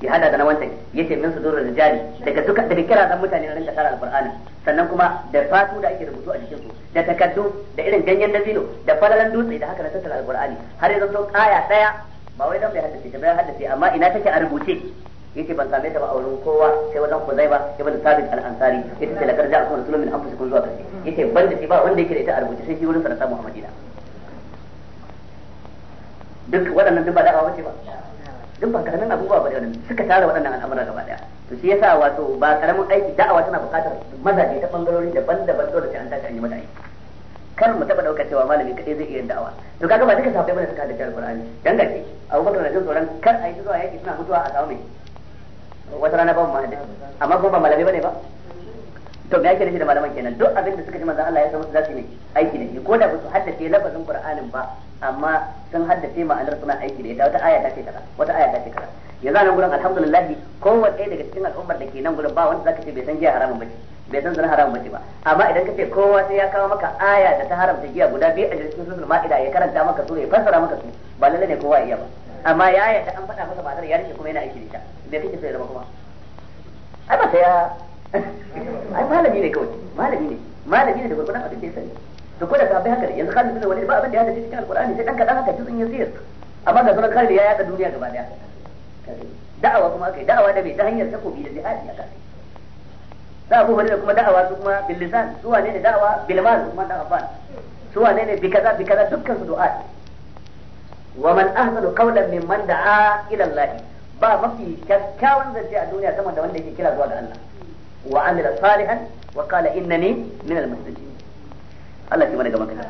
ya hada da na wancan ce min su da rijali daga duka daga kira dan mutane na rinka tara alkur'ani sannan kuma da fatu da ake rubutu a jikinsu da takardu da irin ganyen dabino da falalan dutse da haka na tattara alkur'ani har yanzu sun kaya daya ba wai dan bai haddace ta bai haddace amma ina take a rubuce yace ban same ta ba a wurin kowa sai wajen sai ibn Thabit al-Ansari yace da lakar ja'a kun rasulun min anfusikum zuwa karshe yace ban da shi ba wanda yake da ita a rubuce sai shi wurin sa na samu a Madina duk waɗannan duk ba da'awa bace ba duk ba karamin abubuwa ba da wannan suka tara waɗannan al'amura gaba daya to shi yasa wato ba karamin aiki da'awa tana buƙatar mazaje ta bangarori daban-daban dole sai an tashi an yi mata aiki kar mu taba dauka cewa malami kadai zai iya da'awa to kaga ba duka safai bane suka haddace alqur'ani dan gashi abubakar na jin tsoron kar a yi zuwa yaki suna mutuwa a samu mai wata rana ba mu hadda amma kuma ba malami bane ba to me yake shi da malaman kenan duk abin da suka ji manzo Allah ya san za su yi aiki da shi ko da ba su haddace lafazin Qur'anin ba amma sun haddace ma'anar suna aiki da ita wata aya ta ce kaza wata aya ta ce kaza yanzu nan gurin alhamdulillah kowace daga cikin al'ummar da ke nan gurin ba wanda zaka ce bai san jiya haramun ba bai san zina haram bace ba amma idan kace kowa sai ya kawo maka aya da ta haramta giya guda biyu a sun sunan ma'ida ya karanta maka su ya fassara maka su ba lalle ne kowa iya ba amma ya ta an faɗa masa ma'anar ya rike kuma yana aiki da ita bai kike sai da kuma ai ba sai ya [laughs] ai malami ne kawai malami ne malami ne da gurgurdan abin da ya sani to ko da ka bai haka yanzu Khalid da wani ba abin da ya dace cikin Alqur'ani sai dan kadan haka ya yasir amma ga sunan Khalid ya yada duniya gaba daya da'awa kuma akai da'awa da bai ta hanyar takobi da jihadi a kai da Abu Hurairah kuma da'awa su kuma bil lisan su wane ne da'awa bil mal kuma da Affan su wane ne bi kaza bi kaza dukkan su du'a wa man ahsanu qawlan mimman da'a ila Allah ba mafi kyakkyawan zance a duniya sama da wanda yake kira zuwa ga Allah wa amila salihan wa qala innani min al muslimin Allah ya mana gaban kaza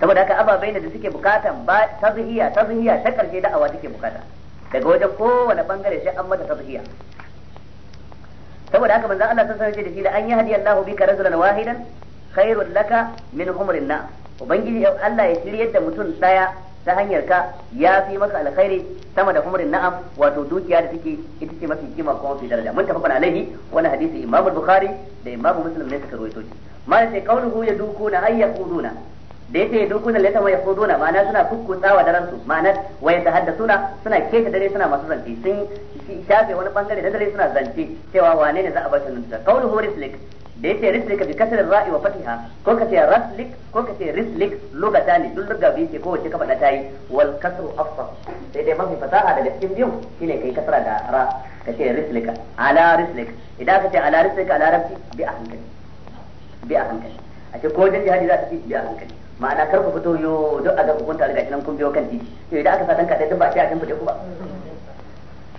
saboda haka ababai da suke bukatan ba tazhiya tazhiya ta karshe da'awa take bukata daga wajen kowane bangare sai an mata tazhiya saboda haka banza Allah sallallahu alaihi wasallam ce da shi an yahdi Allahu bika rajulan wahidan khairul laka min humrin na ubangiji Allah ya shiryar da mutum daya ta hanyar ka ya fi maka alkhairi sama da humrin na'am wato dukiya da take ita ce mafi kima kuma mafi daraja mun tafi alaihi wani hadisi Imam Bukhari da Imam Muslim ne suka rawaito shi ma sai kauluhu yadukuna ayyakuduna da yake dukuna laita mai yahuduna ma'ana suna kukkutsawa daren su ma'ana wa yatahaddathuna suna keta dare suna masu zance sun shafe wani bangare da dare suna zance cewa wane ne za a bashi nunta qawluhu rislik da yace rislik bi kasr ra'i wa fatiha ko kace raslik ko kace rislik lugata ne duk lugga biyu ce kowace ka faɗa ta yi wal kasru afsah sai dai mafi fasaha da cikin biyu shine kai kasra da ra kace rislika ala rislik idan kace ala rislika ala rafi bi a hankali bi a hankali a ce ko wajen jihadi za ta bi a hankali ma'ana kar ku fito yo duk a gaba kun tare da kinan kun biyo kan titi to idan aka sadan ka dai duk ba sai a kan fide ku ba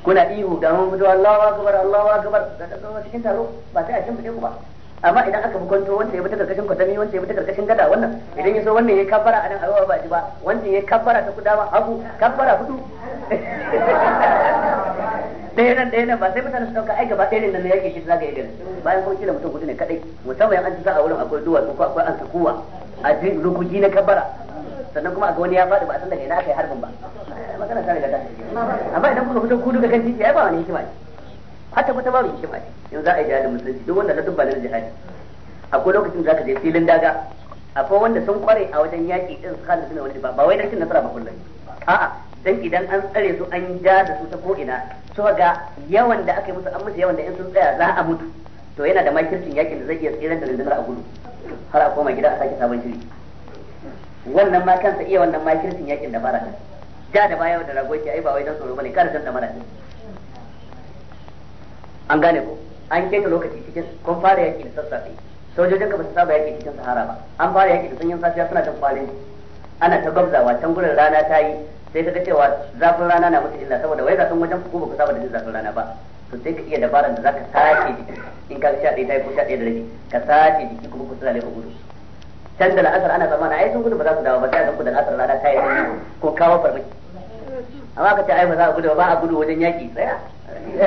kuna ihu da mun fito Allahu akbar Allahu akbar da kuma cikin taro ba sai a kan fide ku ba amma idan aka bukwanto wanda ya bi ta karkashin kwatami wanda ya bi ta karkashin gada wannan idan ya so wannan ya kabbara nan arewa ba ji ba wanda ya kabbara ta kudama hagu kabbara hudu [laughs] ɗaya nan ɗaya nan ba sai mutane su ɗauka ai gaba ɗaya nan na yake shi zaga idan bayan kuma kila mutum hudu ne kadai musamman an ci za a wurin akwai duwatsu ko akwai an sakuwa a ji rukuki na kabara sannan kuma a ga wani ya faɗi ba a san daga ina aka yi harbin ba eh, magana ta riga ta amma idan kuka fito ku duka kan titi ai ba wani hikima ne hatta kwata babu hikima ne yanzu za a yi jihadin musulunci duk wanda na dubba na jihadi akwai lokacin da zaka je filin daga akwai wanda sun kware a wajen yaƙi ɗin su kan suna wani ba ba wai dan cin nasara ba kullum a'a dan idan an tsare su an ja da su ta ko ina ga yawan da aka yi musu an musu yawan da in sun tsaya za a mutu to yana da makircin yakin da zai iya tsiran da rundunar a gudu har a koma gida a sake sabon shiri wannan ma kansa iya wannan ma shirkin yakin da mara ja da baya da ragoci ai ba wai dan tsoro bane kada da mara an gane ko an keta lokaci cikin kun fara yaki da sassafe sojojin ka ba su saba yaki cikin sahara ba an fara yaki da sanyin safiya suna ta kwalin ana ta gabzawa can gurin rana ta yi sai ka ga cewa zafin rana na musu illa saboda wai zafin wajen ku ba ku saba da jin zafin rana ba to sai ka iya dabaran da zaka sace jiki in ka sha ɗaya tayi ko sha ɗaya da rabi ka sace jiki kuma ku sulale ku gudu can da la'asar ana zamana ai sun gudu ba za su dawo ba sai ku da la'asar rana ta yi ko kawo farmaki amma ka ce ai ba za a gudu ba a gudu wajen yaƙi tsaya a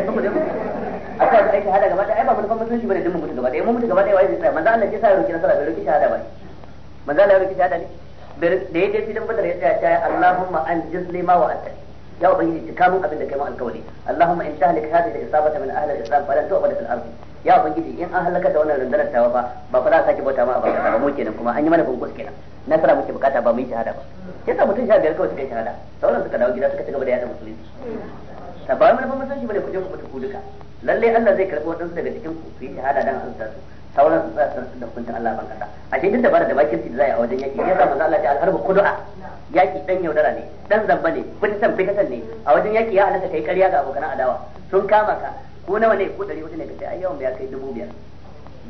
kawai aiki hada gaba ɗaya ai ba mu nufan mutunci bane dun mu mutu gaba ɗaya mun mutu gaba ɗaya wai zai tsaya manzo Allah ya sa ya roki nasara bai roki shahada ba manzo Allah ya roki shahada ne da ya je filin badar ya tsaya ta Allahumma anjis lima wa antani ya ubangiji cika mun abin da kai mu alkawari allahumma in tahlik hadhihi al-isabata min ahli al-islam falan tu'bad fil ardi ya ubangiji in an halaka da wannan rundunar tawa ba ba fa za a sake bauta ma ba ba mu kenan kuma an yi mana bunkus kenan nasara muke bukata ba mu yi shahada ba yasa mutum sha biyar kawai suka shahada sauran suka dawo gida suka ci gaba da yada musulunci ta mana ba mutunci bane ku je ku mutu ku duka Allah zai karbi wadansu daga cikin ku su yi shahada dan sauran su tsaya su da hukuncin Allah ban kasa a shi duk dabara da bakin da zai a wajen yaki ya sa samu Allah ta alharbu kudu'a yaki dan yaudara ne dan zamba ne san fitan fitan ne a wajen yaki ya halatta kai ƙarya ga abokan adawa sun kama ka ko nawa ne ko 400 ne kace ai yawan ya kai dubu biyar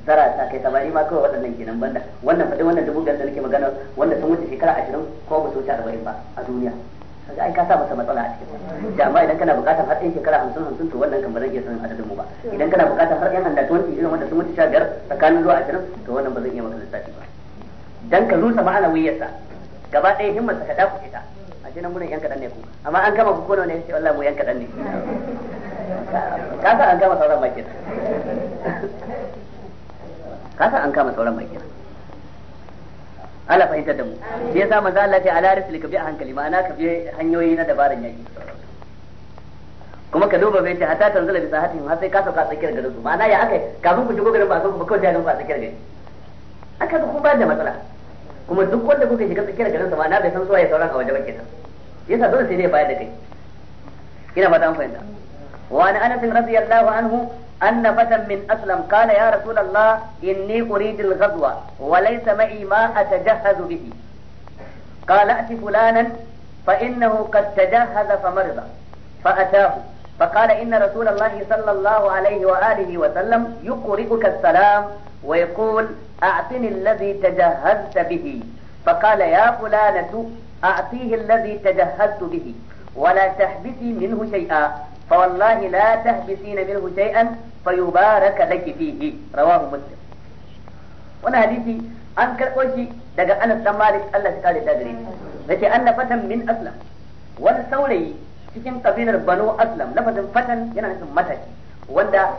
zara ta kai sabari ma kawai waɗannan kenan banda wannan faɗin wannan dubu biyar da nake magana wanda sun wuce shekara ashirin ko ba su wuce arba'in ba a duniya kaga ai ka sa masa matsala a cikin da amma idan kana bukatar har ɗan shekara hamsin hamsin to wannan kan ba zan iya sanin adadin mu ba idan kana bukatar har ɗan handa tuwanci irin wanda sun mutu sha biyar tsakanin zuwa ashirin to wannan ba zan iya maka lissafi ba dan ka rusa ma'ana wuyarsa gaba ɗaya himmar sa ka dakuce ta a cikin nan gurin yan kaɗan ne ku amma an kama ku kono ne sai wallahi mu yan kaɗan ne ka sa an kama sauran bakin ka san an kama sauran bakin ala fahimtar da mu shi yasa manzo Allah ya ce ala ka bi a hankali ma'ana ka bi hanyoyi na dabaran yaki kuma ka duba bai ce hata tanzila bi sahatin har sai ka sauka tsakiyar garin su ma'ana ya akai kafin ku shigo garin ba sauka ba kawai sai ba tsakiyar gari aka ga kun ba da matsala kuma duk wanda kuka shiga tsakiyar garin sa ma'ana bai san suwaye sauran a waje ba kenan yasa dole sai ne bayar da kai ina fata an fahimta wa ana anas radiyallahu anhu أن فتى من أسلم قال يا رسول الله إني أريد الغزو وليس معي ما أتجهز به قال أت فلانا فإنه قد تجهز فمرض فأتاه فقال إن رسول الله صلى الله عليه وآله وسلم يقرئك السلام ويقول أعطني الذي تجهزت به فقال يا فلانة أعطيه الذي تجهزت به ولا تحبسي منه شيئا فوالله لا تحبسين منه شيئا فيبارك لك فيه رواه مسلم وانا حديثي an karɓo shi daga Anas dan Malik Allah ya kare ta gare shi yace anna fatan min aslam wani saurayi cikin kabilar Banu Aslam lafazin fatan yana nufin mataki wanda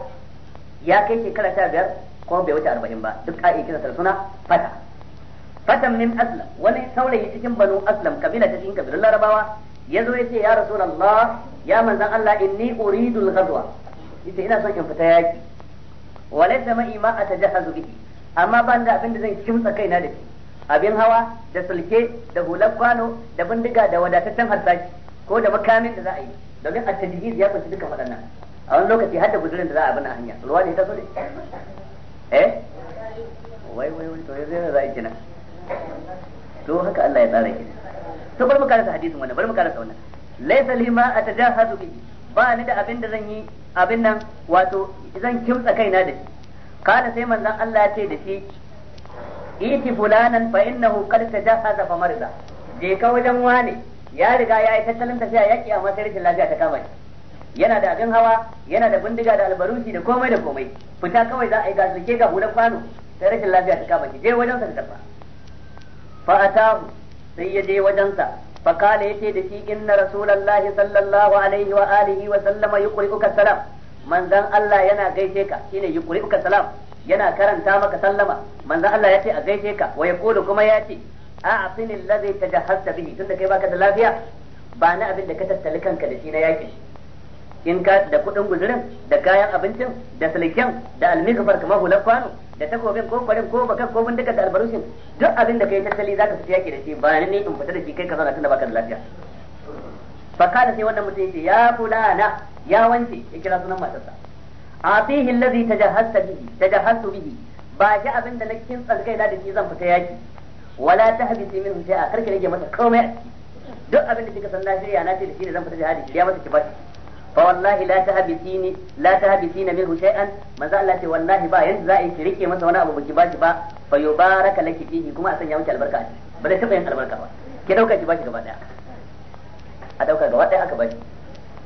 ya kai shekara sha biyar ko bai wuce arba'in ba duk a ka'i kira suna fata fatan min aslam wani saurayi cikin Banu Aslam kabila ta cikin kabilar Larabawa yazo yace ya rasulullah ya manzan Allah inni uridu al-ghazwa yace ina son in fita yaki wa laysa ma'i ma atajahazu bihi amma ban da abin da zan kimtsa kaina da shi abin hawa da sulke da hular kwano da bindiga da wadataccen harsashi ko da makamin da za a yi domin a tajhiz ya kunshi duka waɗannan a wani lokaci har da gudurin da za a bin a hanya ruwa ne ta so ne eh wai wai wai to yanzu za a yi kina to haka Allah ya tsara ki to bari mu karanta hadisin wannan bari mu karanta wannan laysa lima atajahazu bihi ba ni da abin da zan yi abin nan wato zan kimtsa kaina da shi kana sai manzon Allah ya ce da shi iti fulanan fa innahu qad tajahaza fa marida je ka wajen wani ya riga ya yi tattalin tafiya yaki a matsayin rashin lafiya ta kama yana da abin hawa yana da bindiga da albarushi da komai da komai fita kawai za a yi gasu ke ga hulan kwano sai rashin lafiya ta kama shi je wajen sa ta tafa fa sai ya je wajensa fa kala yace da shi inna rasulullahi sallallahu alaihi wa alihi wa sallama yuqri'uka salam manzan Allah yana gaishe ka shine yuqri'uka salam yana karanta maka sallama manzan Allah yace a gaishe ka wa yaqulu kuma yace a'tini alladhi tajahhazta bihi tunda kai baka da lafiya ba na abin ka tattali kanka da shi na yaki in ka da kuɗin guzurin da kayan abincin da silken da almigfar kamar hular kwano da takobin ko kwarin ko bakan ko bindiga da albarushin duk abin da kai tattali zaka fita yake da shi ba ni ne in fita da shi kai ka zauna tunda baka da lafiya fa kana sai wannan mutum yace ya fulana ya wance ya kira sunan matarsa fihi allazi tajahhasta bihi tajahhastu bihi ba shi abin da na kin tsalgaida da shi zan fita yaki wala tahbisi min shay'a karki rage masa komai duk abin da kika san na shirya na ce da shi ne zan fita jihadi shirya masa ki shi. fa wallahi la tahbisini la tahbisina minhu shay'an manzo Allah ce wallahi ba yanzu za a yi rike masa wani abu baki bashi ba fa yubaraka laki fihi kuma a sanya miki albarka a ba da taba yin albarka ba ke dauka ki bashi gaba a dauka gaba daya aka bashi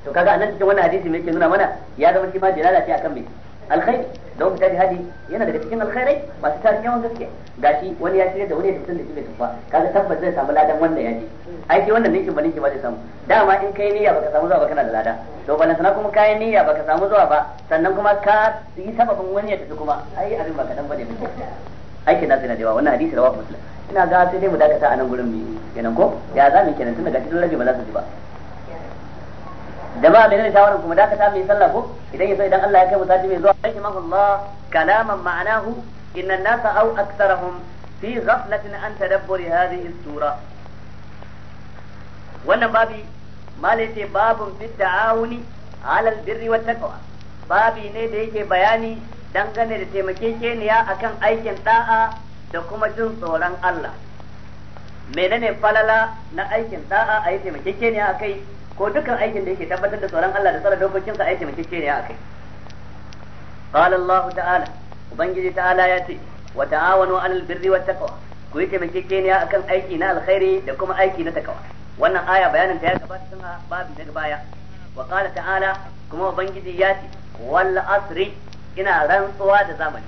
to kaga anan cikin hadisi nuna mana ya zama shi ma jalala akan me alkhairi da wanda ta jihadi yana daga cikin alkhairai masu tarin yawan gaske gashi wani ya shirya da wani ya tafi da shi bai tafi kaga tabbas zai samu ladan wanda ya ji ai sai wannan ninkin ba ninkin ba zai samu dama in kai niyya baka samu zuwa ba kana da lada to balan sana kuma kai niyya baka samu zuwa ba sannan kuma ka yi sababin wani ya tafi kuma ai abin ba kadan bane mutum aikin na yana da yawa wannan hadisi rawahu muslim ina ga sai dai mu dakata a nan gurin mu kenan ko ya za zamu kenan tunda gashi dole ba za su ji ba jama'a menene shawaran kuma da ka samu sallah ko idan yaso idan Allah ya kai mu sati mai zuwa rahimahullah kalaman ma'anahu inna an-nasa aw aktharuhum fi ghaflatin an tadabburi hadhihi as-sura wannan babi malai ce babun fi ta'awuni ala al-birri wat babi ne da yake bayani dangane da taimakekeniya akan aikin da'a da kuma jin tsoron Allah menene falala na aikin da'a a yi taimake taimakekeniya akai ko dukkan aikin da yake tabbatar da tsoron Allah da tsara dokokinsa ai taimakeke ne a kai qala Allah ta'ala ubangiji ta'ala ya ce wa ta'awanu 'alal birri wat taqwa ku yi a akan aiki na alkhairi da kuma aiki na takawa wannan aya bayanin ta ya gabata tun a babu na baya wa qala ta'ala kuma ubangiji ya ce wal asri ina rantsuwa da zamani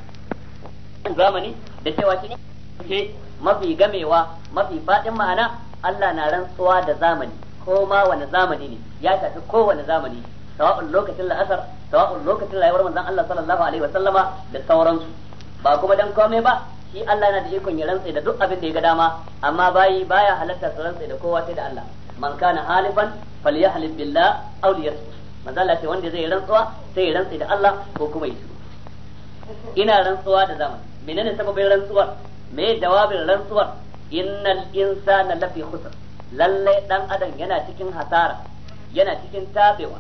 zamani da cewa shi ne mafi gamewa mafi fadin ma'ana Allah na rantsuwa da zamani ko ma wani zamani ne ya shafi kowane zamani sawa'un lokacin la'asar sawa'un lokacin rayuwar manzon Allah sallallahu alaihi wa sallama da sauransu ba kuma dan kome ba shi Allah yana da ikon ya rantsa da duk abin da ya ga dama amma bayi baya halatta su rantsa da kowa sai da Allah man kana halifan falyahlif billah aw liyasmut manzo Allah ce wanda zai rantsuwa sai ya rantsa da Allah ko kuma yi ina rantsuwa da zamani menene sababin rantsuwar me dawabin rantsuwar innal insana lafi khusr lallai dan adam yana cikin hasara yana cikin tabewa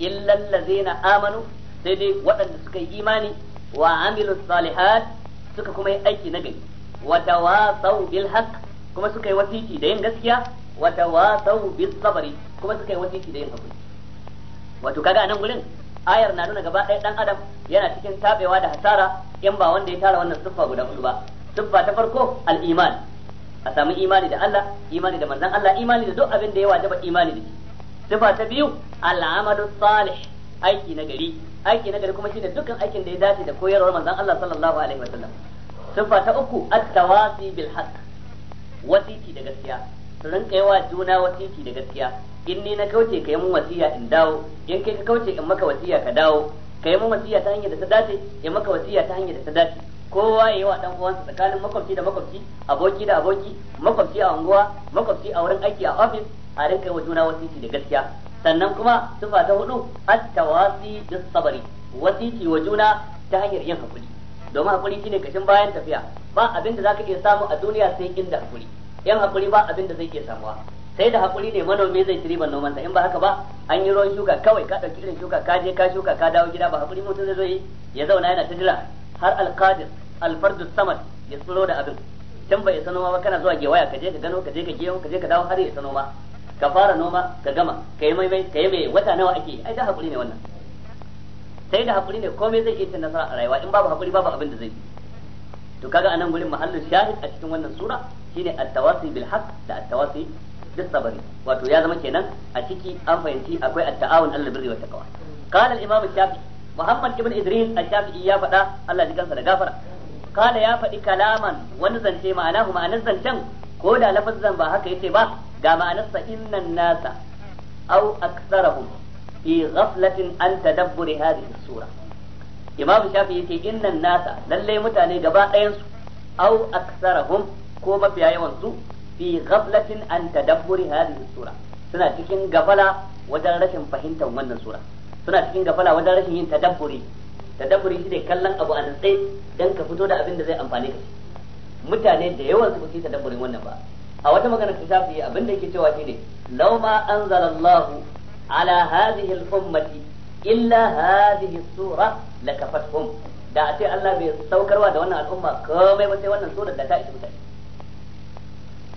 illal ladzina amanu sai dai waɗanda suka yi imani wa amilu salihat suka kuma yi aiki na gari wa tawasau bil haqq kuma suka yi wasiti da yin gaskiya wa tawasau bis sabri kuma suka yi wasiti da yin hakuri wato kaga nan gurin ayar na nuna gaba ɗaya dan adam yana cikin tabewa da hasara in ba wanda ya tara wannan siffa guda hudu ba siffa ta farko al-iman a samu imani da Allah imani da manzon Allah imani da duk abin da ya wajaba imani da shi sifa ta biyu al'amalu salih aiki na gari aiki na gari kuma shine dukkan aikin da ya dace da koyarwar manzon Allah sallallahu alaihi wasallam sifa ta uku at-tawasi bil haqq wasiti da gaskiya su rinka yawa juna wasiti da gaskiya in ni na kauce kai mun wasiya in dawo in kai ka kauce in maka wasiya ka dawo kai mun wasiya ta hanyar da ta dace in maka wasiya ta hanyar da ta dace kowa ya yi wa dan uwansa tsakanin makwabci da makwabci aboki da aboki makwabci a unguwa makwabci a wurin aiki a ofis a rinka wa juna wasiki da gaskiya sannan kuma sufa ta hudu at-tawasi bis sabri wasiki wa juna ta hanyar yin hakuri domin hakuri shine kashin bayan tafiya ba abin da ka iya samu a duniya sai inda hakuri yan hakuri ba abin da zai iya samuwa sai da hakuri ne manomi zai ci riban nomansa in ba haka ba an yi ruwan shuka kawai ka ɗauki irin shuka ka je ka shuka ka dawo gida ba hakuri mutum zai zo yi ya zauna yana ta jira har alqadir alfardu samad ya tsiro da abin can bai isa noma ba kana zuwa gewaya ka je ka gano ka je ka gero ka je ka dawo har ya isa noma ka fara noma ka gama ka yi maimai ka yi mai wata nawa ake ai da hakuri ne wannan sai da hakuri ne komai zai iya cin nasara a rayuwa in babu hakuri babu abin da zai yi to kaga anan gurin mahallin shahid a cikin wannan sura shine at-tawasi bil haqq da at-tawasi duk wato ya zama kenan a ciki an fahimci akwai at-ta'awun alal birri wa taqwa al-imam shafi muhammad ibn idris al-shafi'i ya faɗa Allah ya kansa da gafara qala ya faɗi kalaman wani zance ma'anahu ma'anar zancen ko da lafazan ba haka yace ba ga ma'anarsa innan nasa aw aktsarahum fi ghaflatin an tadabburi hadhihi sura imam shafi yace innan nasa lalle mutane gaba ɗayan su aw ko mafiya yawan su fi ghaflatin an tadabburi hadhihi sura suna cikin gafala wajen rashin fahimtar wannan sura suna cikin gafala wajen rashin yin tadabburi tadabburi shi ne kallon abu a nutse dan ka fito da abin da zai amfane ka mutane da yawan su kusa tadabburin wannan ba a wata magana ta shafi abin da yake cewa shine law ma anzalallahu ala hadhihi al-ummati illa hadhihi sura lakafathum da a ce Allah bai saukarwa da wannan al'umma komai ba sai wannan sura da ta isa mutane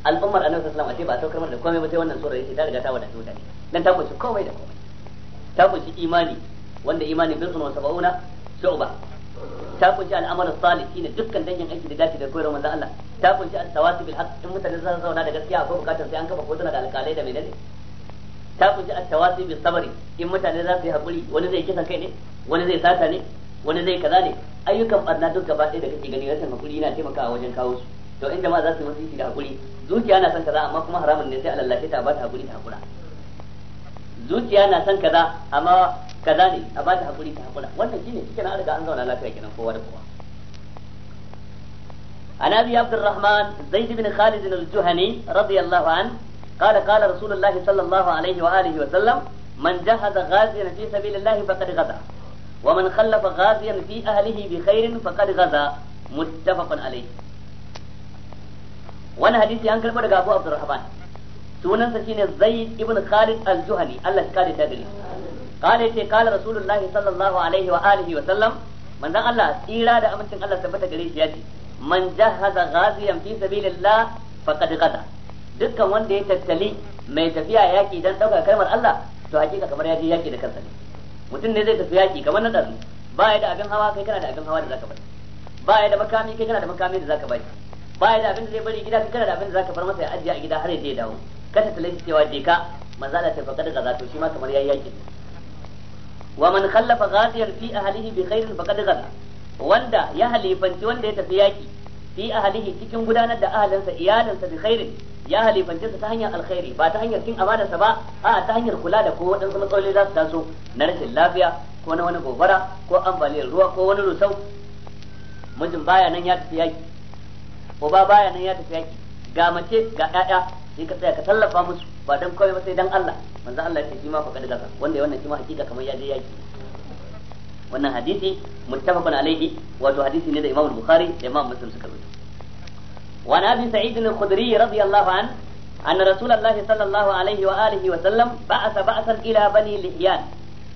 al'ummar annabi sallallahu alaihi wasallam ba saukar mana da komai ba sai wannan sura yace ta riga ta wadatu da dan ta kunshi komai da komai ta kunshi imani wanda imani bil sunna sab'una shu'ba ta kunshi al'amarin salihin dukkan dangin aiki da dace da koyarwar manzon Allah ta kunshi al tawasi bil haqq in mutane za su zauna da gaskiya akwai bukatar sai an kafa kotuna da alƙalai da menene ta kunshi al tawasi bil sabri in mutane za su yi haƙuri wani zai kisan kai ne wani zai sata ne wani zai kaza ne ayyukan barna duk gaba ɗaya da kake gani rashin hakuri yana taimakawa wajen kawo su to in jama'a za su yi wasiki da hakuri zuciya na son kaza amma kuma haramun ne sai a lallace ta ba ta hakuri ta hakura zuciya na son kaza amma kaza ne a ba ta hakuri ta hakura wannan shine cikin an riga an zauna lafiya kenan kowa da kowa عن ابي عبد الرحمن زيد بن خالد الجهني رضي الله عنه قال قال رسول الله صلى الله عليه واله وسلم من جهز غازيا في سبيل الله فقد غزا ومن خلف غازيا في اهله بخير فقد غزا متفق عليه wani hadisi an karɓo daga Abu Abdurrahman sunansa shine Zaid ibn Khalid al-Juhani Allah ya kare ta gare kale ce kala Rasulullahi sallallahu alaihi wa alihi wa sallam manzon Allah tsira da amincin Allah tabbata gare shi ya ce man jahaza ghaziyan fi sabilillah faqad qada dukkan wanda ya tattali mai tafiya yaki dan dauka kalmar Allah to hakika kamar ya je yaki da kansa ne mutum ne zai tafi yaki kamar na dazu ba ya da abin hawa kai kana da abin hawa da zaka bari ba ya da makami kai kana da makami da zaka bari baya da abin da zai bari gida kana da abin da zaka bar masa ya ajiye a gida har ya dawo kada ta laifi cewa deka ka manzala ta faqad gaza to shi ma kamar yayi yaki wa man khallafa ghadiyan fi ahlihi bi khairin faqad ghadha wanda ya halifanci wanda ya tafi yaki fi ahlihi cikin gudanar da ahalinsa iyalinsa bi khairin ya halifance ta hanyar alkhairi ba ta hanyar kin sa ba a ta hanyar kula da ko waɗansu matsaloli za su taso na rashin lafiya ko na wani gobara ko ambaliyar ruwa ko wani rusau mijin baya nan ya tafi yaki uba baya nan ya tafi yaki ga mace ga ƴaƴa sai ka tsaya ka tallafa musu ba dan kawai ba sai dan Allah manzo Allah ya ce shi ma fa kada wanda ya wannan shi ma hakika kamar ya je yaki wannan hadisi muttafaqun alaihi wato hadisi ne da Imam Bukhari da Imam Muslim suka rubuta wa nabi Sa'id al-Khudri radiyallahu an anna Rasulullah sallallahu alaihi wa alihi wa sallam ba'atha ba'san ila bani Lihyan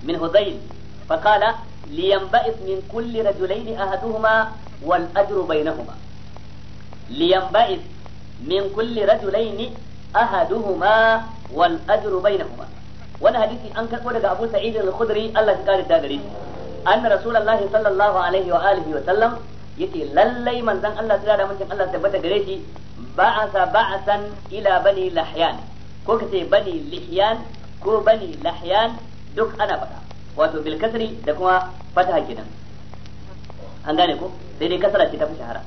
min Hudayl فقال لينبئث من كل رجلين أحدهما والأجر بينهما liyanba'is min kulli rajulaini ahaduhuma wal ajru bainahuma wannan hadisi an karbo daga Abu Sa'id al-Khudri Allah ya kare da gare shi anna rasulullah sallallahu alaihi wa alihi wa sallam yace lallai manzon Allah tsira da mutum Allah tabbata gare shi ba'asa ba'asan ila bani lahyan ko kace bani lihyan ko bani lahyan duk ana faɗa wato bil kasri da kuma fataha kenan an gane ko sai dai kasara ce ta fi shahara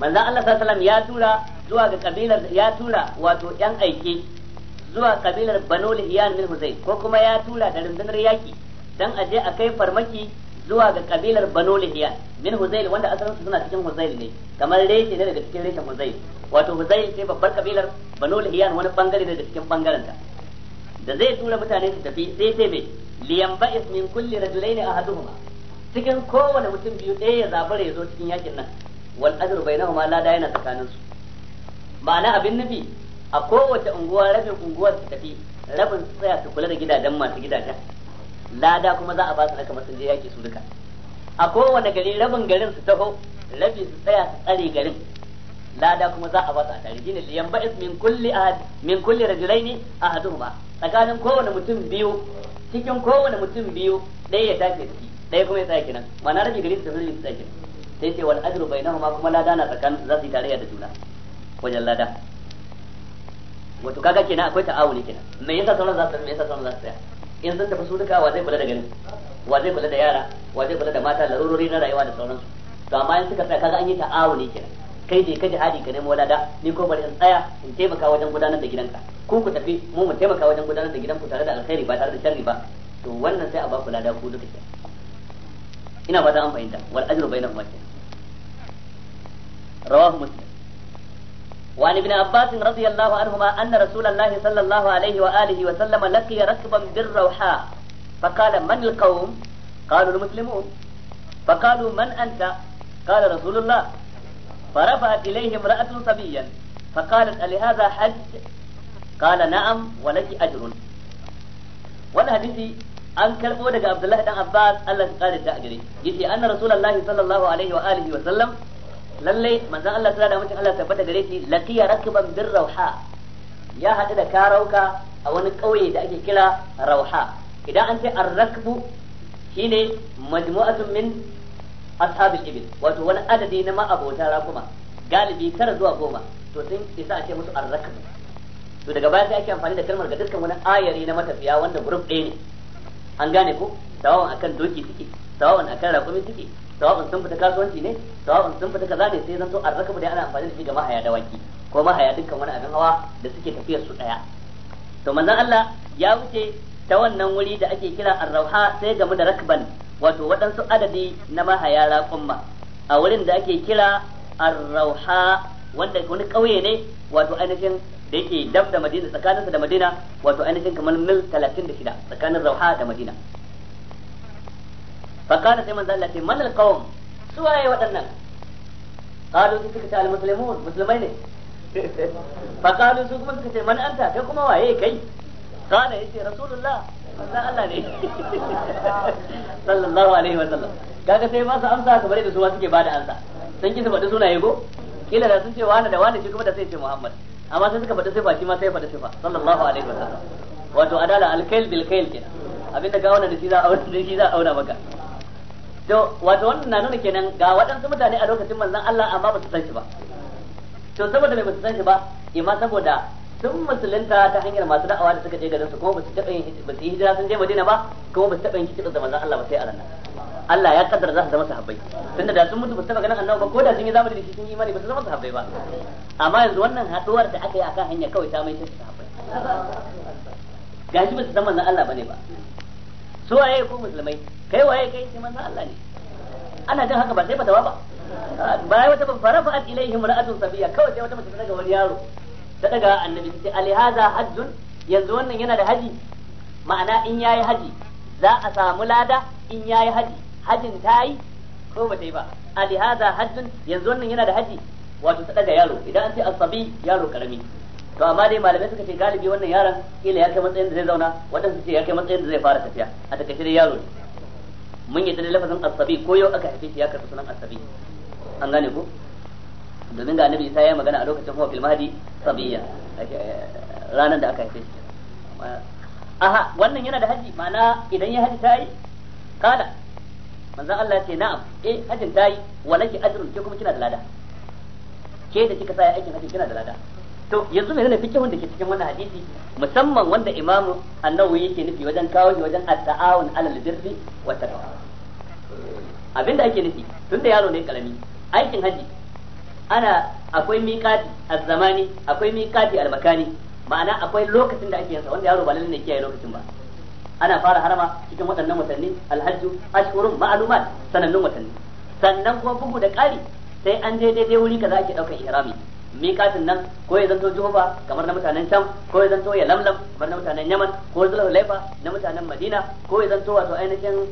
manzan Allah sallallahu ya tura zuwa ga kabilar ya tura wato yan aike zuwa kabilar Banu Lihyan min Huzayl ko kuma ya tura da rundunar yaki dan aje a kai farmaki zuwa ga kabilar Banu Lihyan min Huzayl wanda asalin su suna cikin Huzayl ne kamar reshe ne daga cikin reshen Huzayl wato Huzayl ce babbar kabilar Banu Lihyan wani bangare ne daga cikin bangaren ta da zai tura mutane su tafi sai sai mai liyan ba'is min kulli rajulaini ahaduhuma cikin kowane mutum biyu ɗaya ya zabara ya zo cikin yakin nan wal ajru bainahuma lada yana tsakanin su ma'ana abin nufi a kowace unguwa rabin unguwar su tafi rabin su tsaya su kula da gidajen masu gidajen lada kuma za a ba su na kamar je yaki su duka a kowane gari rabin garin su taho rabi su tsaya su tsare garin lada kuma za a ba su a tare shine su yamba min kulli ahad min kulli rajulaini ahaduhuma tsakanin kowane mutum biyu cikin kowane mutum biyu ɗaya ya tafi shi ɗaya kuma ya tsaya kenan ma'ana rabi gari su tafi rabi su tsaya kenan sai ce wal ajru bainahuma kuma lada na tsakanin su za su yi tarayya da juna wajen lada wato kaga kenan akwai ta'awuni kenan me yasa sauran za su me yasa sauran za su tsaya in sun tafi su wa zai kula da garin wa zai kula da yara wa zai kula da mata larurori na rayuwa da sauransu to amma in suka tsaya kaga an yi ta'awuni kenan kai je kaji hadi ka nemo lada ni ko bari in tsaya in taimaka wajen gudanar da gidanka ku ku tafi mu mu taimaka wajen gudanar da gidanku tare da alkhairi ba tare da sharri ba to wannan sai a ba ku lada ku duka kenan ina fata an fahimta wal ajru bainahuma kenan رواه مسلم وعن ابن عباس رضي الله عنهما أن رسول الله صلى الله عليه وآله وسلم لقي ركبا بالروحاء فقال من القوم قالوا المسلمون فقالوا من أنت قال رسول الله فرفعت إليه امرأة صبيا فقالت ألهذا حج قال نعم ولك أجر والحديث أن an عبد الله بن عباس الذي قال التأجري kare أن رسول الله صلى الله عليه وآله وسلم lallai manzon Allah sallallahu alaihi wasallam Allah tabbata gare shi laqiya rakban bir rauha ya hadu da karauka a wani kauye da ake kira rauha idan an ce ar-rakbu shine majmu'atun min ashabul ibil wato wani adadi na ma'abota rakuma galibi tara zuwa goma to sun isa a ce musu ar-rakb to daga baya sai ake amfani da kalmar ga dukkan wani ayari na matafiya wanda group ɗaya ne an gane ko sawawan akan doki suke sawawan akan rakumi suke sawa'un sun fita kasuwanci ne sawa'un sun fita kaza ne sai zanto arrakabu da ana amfani da shi ga mahaya dawaki ko mahaya dukkan wani abin hawa da suke tafiyar su daya to manzon Allah ya wuce ta wannan wuri da ake kira arrauha sai game da rakban wato waɗansu adadi na mahaya raƙumma a wurin da ake kira arrauha wanda wani ƙauye ne wato ainihin da yake dab da madina tsakaninsa da madina wato ainihin kamar mil 36 tsakanin rauha da madina فقال سيما ذا الله من القوم سواء ودنا قالوا تلك المسلمون مسلمين [laughs] فقالوا سوق من كتير من أنت كم هو إيه كي قال إيه رسول الله صلى الله عليه [laughs] صلى الله عليه وسلم kaga sai ba su amsa kamar da su suke ba da amsa sun ki faɗi sunaye kila da sun ce wani da wani shi kuma da sai ce Muhammad amma sai suka faɗi sifa shi ma sai faɗi sifa sallallahu alaihi wasallam wato adala alkail bil kail kenan abinda ga wannan da shi za a auna da shi za a auna maka to wato wannan na nuna kenan ga waɗansu mutane a lokacin manzon Allah amma ba su san shi ba to saboda me ba su san shi ba imma eh saboda sun musulunta ta hanyar masu da'awa da suka je garin su kuma ba su taɓa yin ba su hijira sun je Madina ba kuma ba su taɓa yin kicin da manzon Allah ba sai a ranar Allah ya kaddara za su zama sahabbai tunda da sun mutu ba su taɓa ganin Allah ba ko da sun yi zamani da shi sun yi imani ba su zama sahabbai ba amma yanzu wannan haɗuwar da aka yi akan hanya kawai ta mai shi sahabbai gashi ba su zama manzon Allah bane ba su waye ko musulmai kai waye kai sai manzon Allah ne ana jin haka ba sai fatawa ba bai wata ba farafa'at ilaihi ra'atun sabiya kawai sai wata mace daga wani yaro ta daga annabi sai alihaza hajjun yanzu wannan yana da haji ma'ana in yayi haji za a samu lada in yayi haji hajin ta yi ko ba ta yi ba alihaza hajjun yanzu wannan yana da haji wato ta daga yaro idan an ce asabi yaro karami to amma dai malamai suka ce galibi wannan yaron kila ya kai matsayin da zai zauna wadanda ce ya kai matsayin da zai fara tafiya a takaice dai yaro mun yi da lafazin asabi ko yau aka haife shi ya karɓi sunan asabi an gane ko domin ga annabi isa ya magana a lokacin kuma fil mahdi sabiya eh, ranar da aka haife shi aha wannan yana da haji ma'ana idan ya haji tayi kana manzon Allah ya ce na'am eh hajin tayi walaki ajrun ke kuma kina da lada ke da kika sa aikin haji kina da lada to yanzu fi fikihun da ke cikin wannan hadisi musamman wanda imamu annawu nawawi yake nufi wajen kawo shi wajen atta'awun 'alal birri wa taqwa abinda ake nufi tunda yaro ne karami aikin haji ana akwai miƙati az-zamani akwai miƙati al-makani ma'ana akwai lokacin da ake yansa wanda yaro ba lalle ne kiyaye lokacin ba ana fara harama cikin waɗannan watanni alhajju ashhurun ma'lumat sanannun watanni sannan kuma bugu da ƙari sai an je daidai wuri kaza ake ɗaukar ihrami miƙatin nan ko ya zanto jufa kamar na mutanen sham ko ya zanto ya lamlam kamar na mutanen yaman ko hulaifa na mutanen madina ko ya zanto wato ainihin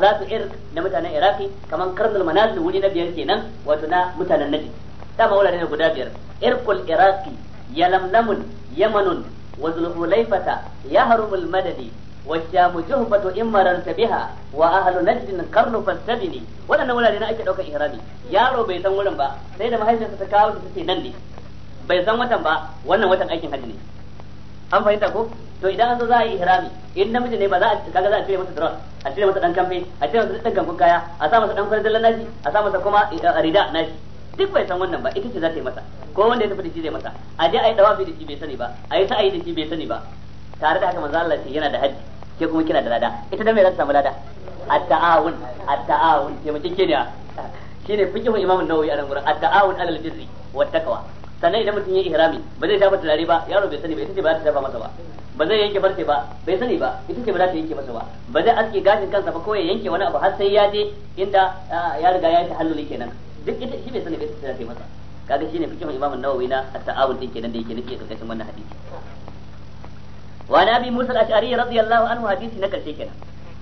zatu irk na mutanen iraki kamar karnul manazil wuri na biyar kenan wato na mutanen najd dama wurare ne guda biyar irkul iraki ya lamlamun yamanun wa hulaifata ya harumul madadi والشام جهبة إما رنتبها وأهل نجد قرن فاستبني وأنا ولا لنا أكيد أوكا إهرامي يا رو بيتان ولن با سيدا ما هيدا ستكاو ستسي نندي بيتان وطن با وانا وطن أيكين هجني an fahimta ko to idan an zo za a yi ihrami in namiji ne ba za a kaga za a cire masa dress a cire masa dan kamfe a cire masa dan gangun kaya a sa masa dan farjallan naji a sa masa kuma eh, rida naji duk bai san wannan ba ita ce za ta yi masa ko wanda ya tafi da shi zai masa a je a yi dawafi da shi bai sani ba a yi sa'ayi da shi bai sani ba tare da haka manzo Allah ce yana da haji ke kuma kina da lada ita da mai za ta samu lada at-ta'awun at-ta'awun ke mutum ke ne shine fiqhu imamu nawawi a nan gurin at-ta'awun alal jirri wa taqwa sannan idan mutum ya ihrami ba zai shafa turare ba yaro bai sani ba ita ce ba za ta shafa masa ba ba zai yanke farce ba bai sani ba ita ce ba za ta yanke masa ba ba zai aske gashin kansa ba ko ya yanke wani abu har sai ya je inda ya riga ya yi tahalluli kenan duk ita shi bai sani ba ita ce za ta yi masa kaga shine fiqhu imamu nawawi na at-ta'awun din kenan da yake nake a karkashin wannan hadisi wa nabi musa al-ash'ari radiyallahu anhu hadisi na karshe kenan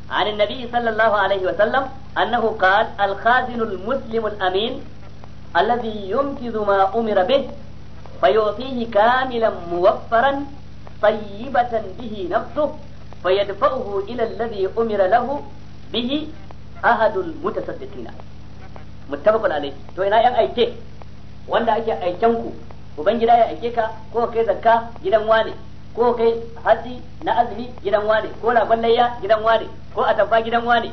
عن النبي صلى الله عليه وسلم أنه قال الخازن المسلم الأمين الذي ينفذ ما أمر به فيعطيه كاملا موفرا طيبة به نفسه فيدفعه إلى الذي أمر له به أحد المتصدقين متفق عليه تو ina yan aike wanda ake aiken ku ubangida ya aike ka ko kai zakka gidan wane ko kai haji na azumi gidan wane ko ragon layya gidan wane ko atamfa gidan wane